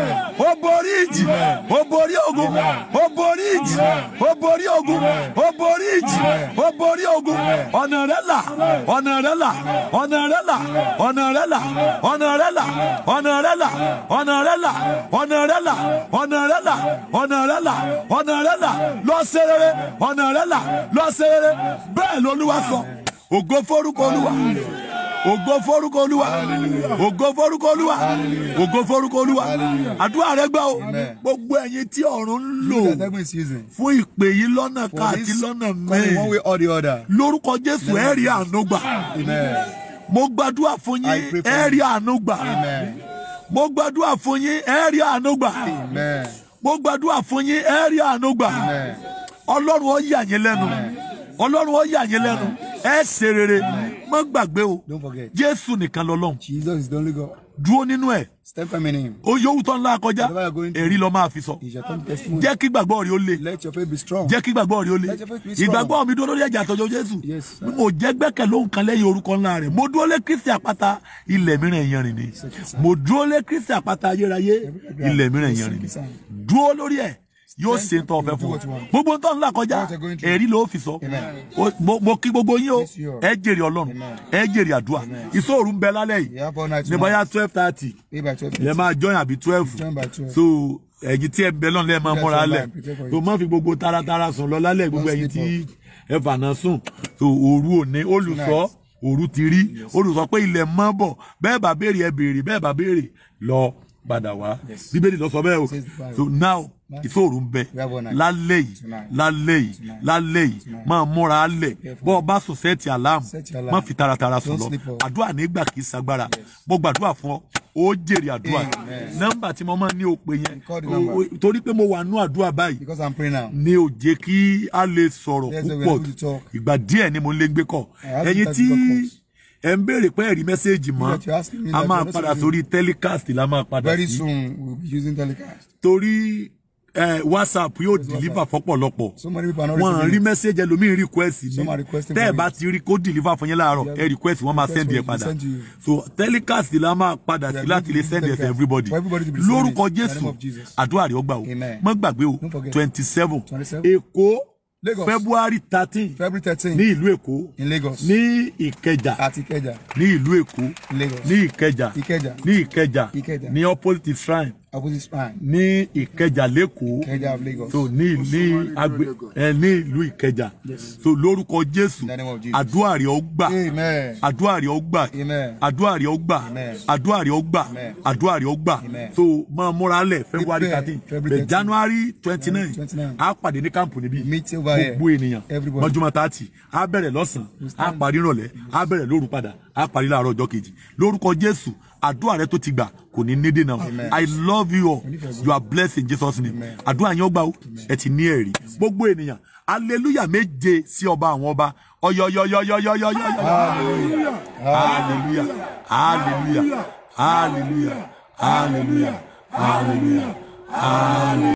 ó iji obori ogun ó iji ìjì ó borí ogun ó borí ìjì ogun ọ̀nà rẹ̀ là ọ̀nà rẹ̀ là ọ̀nà rẹ̀ là ọ̀nà rẹ̀ là ọ̀nà rẹ̀ là lọ rere ọ̀nà rẹ̀ lọ rere bẹ́ẹ̀ sọ ògo forúkọ ògo forúkọ olúwa ògo forúkọ olúwa ògo forúkọ olúwa àdúrà rẹ gbà o gbogbo ẹ̀yin tí ọ̀run ń lò fún ìpè yìí lọ́nà ká àti lọ́nà mẹ́rin lórúkọ jésù ẹ rí àánú gbà mo gbàdúrà fún yín ẹ rí àánú gbà mo gbàdúrà fún yín ẹ rí àánú gbà mo gbàdúrà fún yín ẹ rí àánú gbà ọlọ́run ó yà yín lẹ́nu ọlọ́run ó yà yín lẹ́nu ẹ ṣe rere má gbàgbé o jésù nìkan lọ́lọ́run dúró nínú ẹ̀ ó yòówù tán ńlá kọjá èrí lọ máa fi sọ jẹ́ kí gbàgbọ́ rẹ ó le jẹ́ kí gbàgbọ́ rẹ ó le ìgbàgbọ́ mi dúró lórí ẹ̀jẹ̀ àtọ̀jọ́ jésù mo jẹ́ gbẹ́kẹ̀ ló ń kan lẹ́yìn orúkọ ńlá rẹ̀ mo dúró lé kristi àpáta ilẹ̀ mìíràn èèyàn rìn ni mo dúró lé kristi àpáta ayérayé ilẹ̀ mìíràn èèyàn rìn ni dúró lórí ẹ̀ yóò ṣe tó ọ̀fẹ́ fún gbogbo tó ń là kọjá èrí ló fi sọ mo kí gbogbo yín o ẹ jèrè Ọlọ́run ẹ jèrè àdúrà ìṣòro ń bẹ lálẹ́ yìí ní bóyá twelve thirty lè máa join àbí twelve so ẹ̀yin tí ẹ bẹ lọ́nà lẹ́ẹ̀ máa múra lẹ̀ tó má fi gbogbo taratara sùn lọ lálẹ́ gbogbo ẹ̀yin tí ẹ fànà sùn so òru òní olùsọ òru ti rí olùsọ pé ilẹ̀ mọ́ bọ̀ bẹ́ẹ̀ bá béèrè ẹ béèrè bẹ́ẹ̀ bá béèrè lọ padà wá bíbélì lọ sọ bẹ́ẹ̀ o so now ìfòòrù ń bẹ lálẹ́ yìí lálẹ́ yìí lálẹ́ yìí máa múra alẹ̀ bọ́ ọ bá sùn sẹ́ẹ̀tì aláàmù má fi taratara sùn lọ àdúrà nígbà kì í sagbára mo gbàdúrà fún ọ ó jèrè àdúrà nọ́mbà tí mo máa ní òpè yẹn torí pé mo wà nú àdúrà báyìí ni ò jẹ́ kí a lè sọ̀rọ̀ púpọ̀ ìgbà díẹ̀ ni mo lè gbé kọ ẹ̀yin tí ẹ ń béèrè pé ẹ̀rí mẹ́sẹ́ẹ̀jì mọ́ a máa padà sórí telecast la máa padà sí torí Uh, whatsapp yóò deliver fọ́pọ̀lọpọ̀ wọn rí mẹsẹgì ẹlòmíín request ni tẹ ẹ bá ti rí kó deliver fún yín láàárọ̀ ẹ request wọn máa send yẹ padà so telecast la máa padà sí láti lè send yẹ sí everybody lórúkọ jésù àdúrà rẹ ọgbà o má gbàgbé o twenty seven èkó february thirteen ní ìlú èkó ní ìkẹjà ní ìlú èkó ní ìkẹjà ní ìkẹjà ní opposite shrine opposite spine. ní ìkẹjà lẹ́kọ̀ọ́ ìkẹjà of lagos. so ní ní agbe ẹ ní ìlú ìkẹjà. so lórúkọ jésù àdúrà rẹ ó gbà. amen. àdúrà rẹ ó gbà. amen. so máa múra lẹ̀ february thirteen bẹ̀ january twenty nine a pàdé ní kámpù níbí. meet over here gbogbo ènìyàn mọ́júmọ́ tààtì a bẹ̀rẹ̀ lọ́sàn-án a parí ìrọ̀lẹ́ a bẹ̀rẹ̀ lóru padà a parí láàárọ̀ ọjọ́ kejì lórúkọ jésù àdúrà rẹ tó ti gbà kò ní ní dènà i love you all you are blessed in jesus name àdúrà yẹn ó gbà ó ẹ ti ní ẹ̀rí gbogbo ènìyàn hallelujah méje sí ọba àwọn ọba ọyọyọyọyọyọyọ hallelujah hallelujah hallelujah hallelujah hallelujah hallelujah.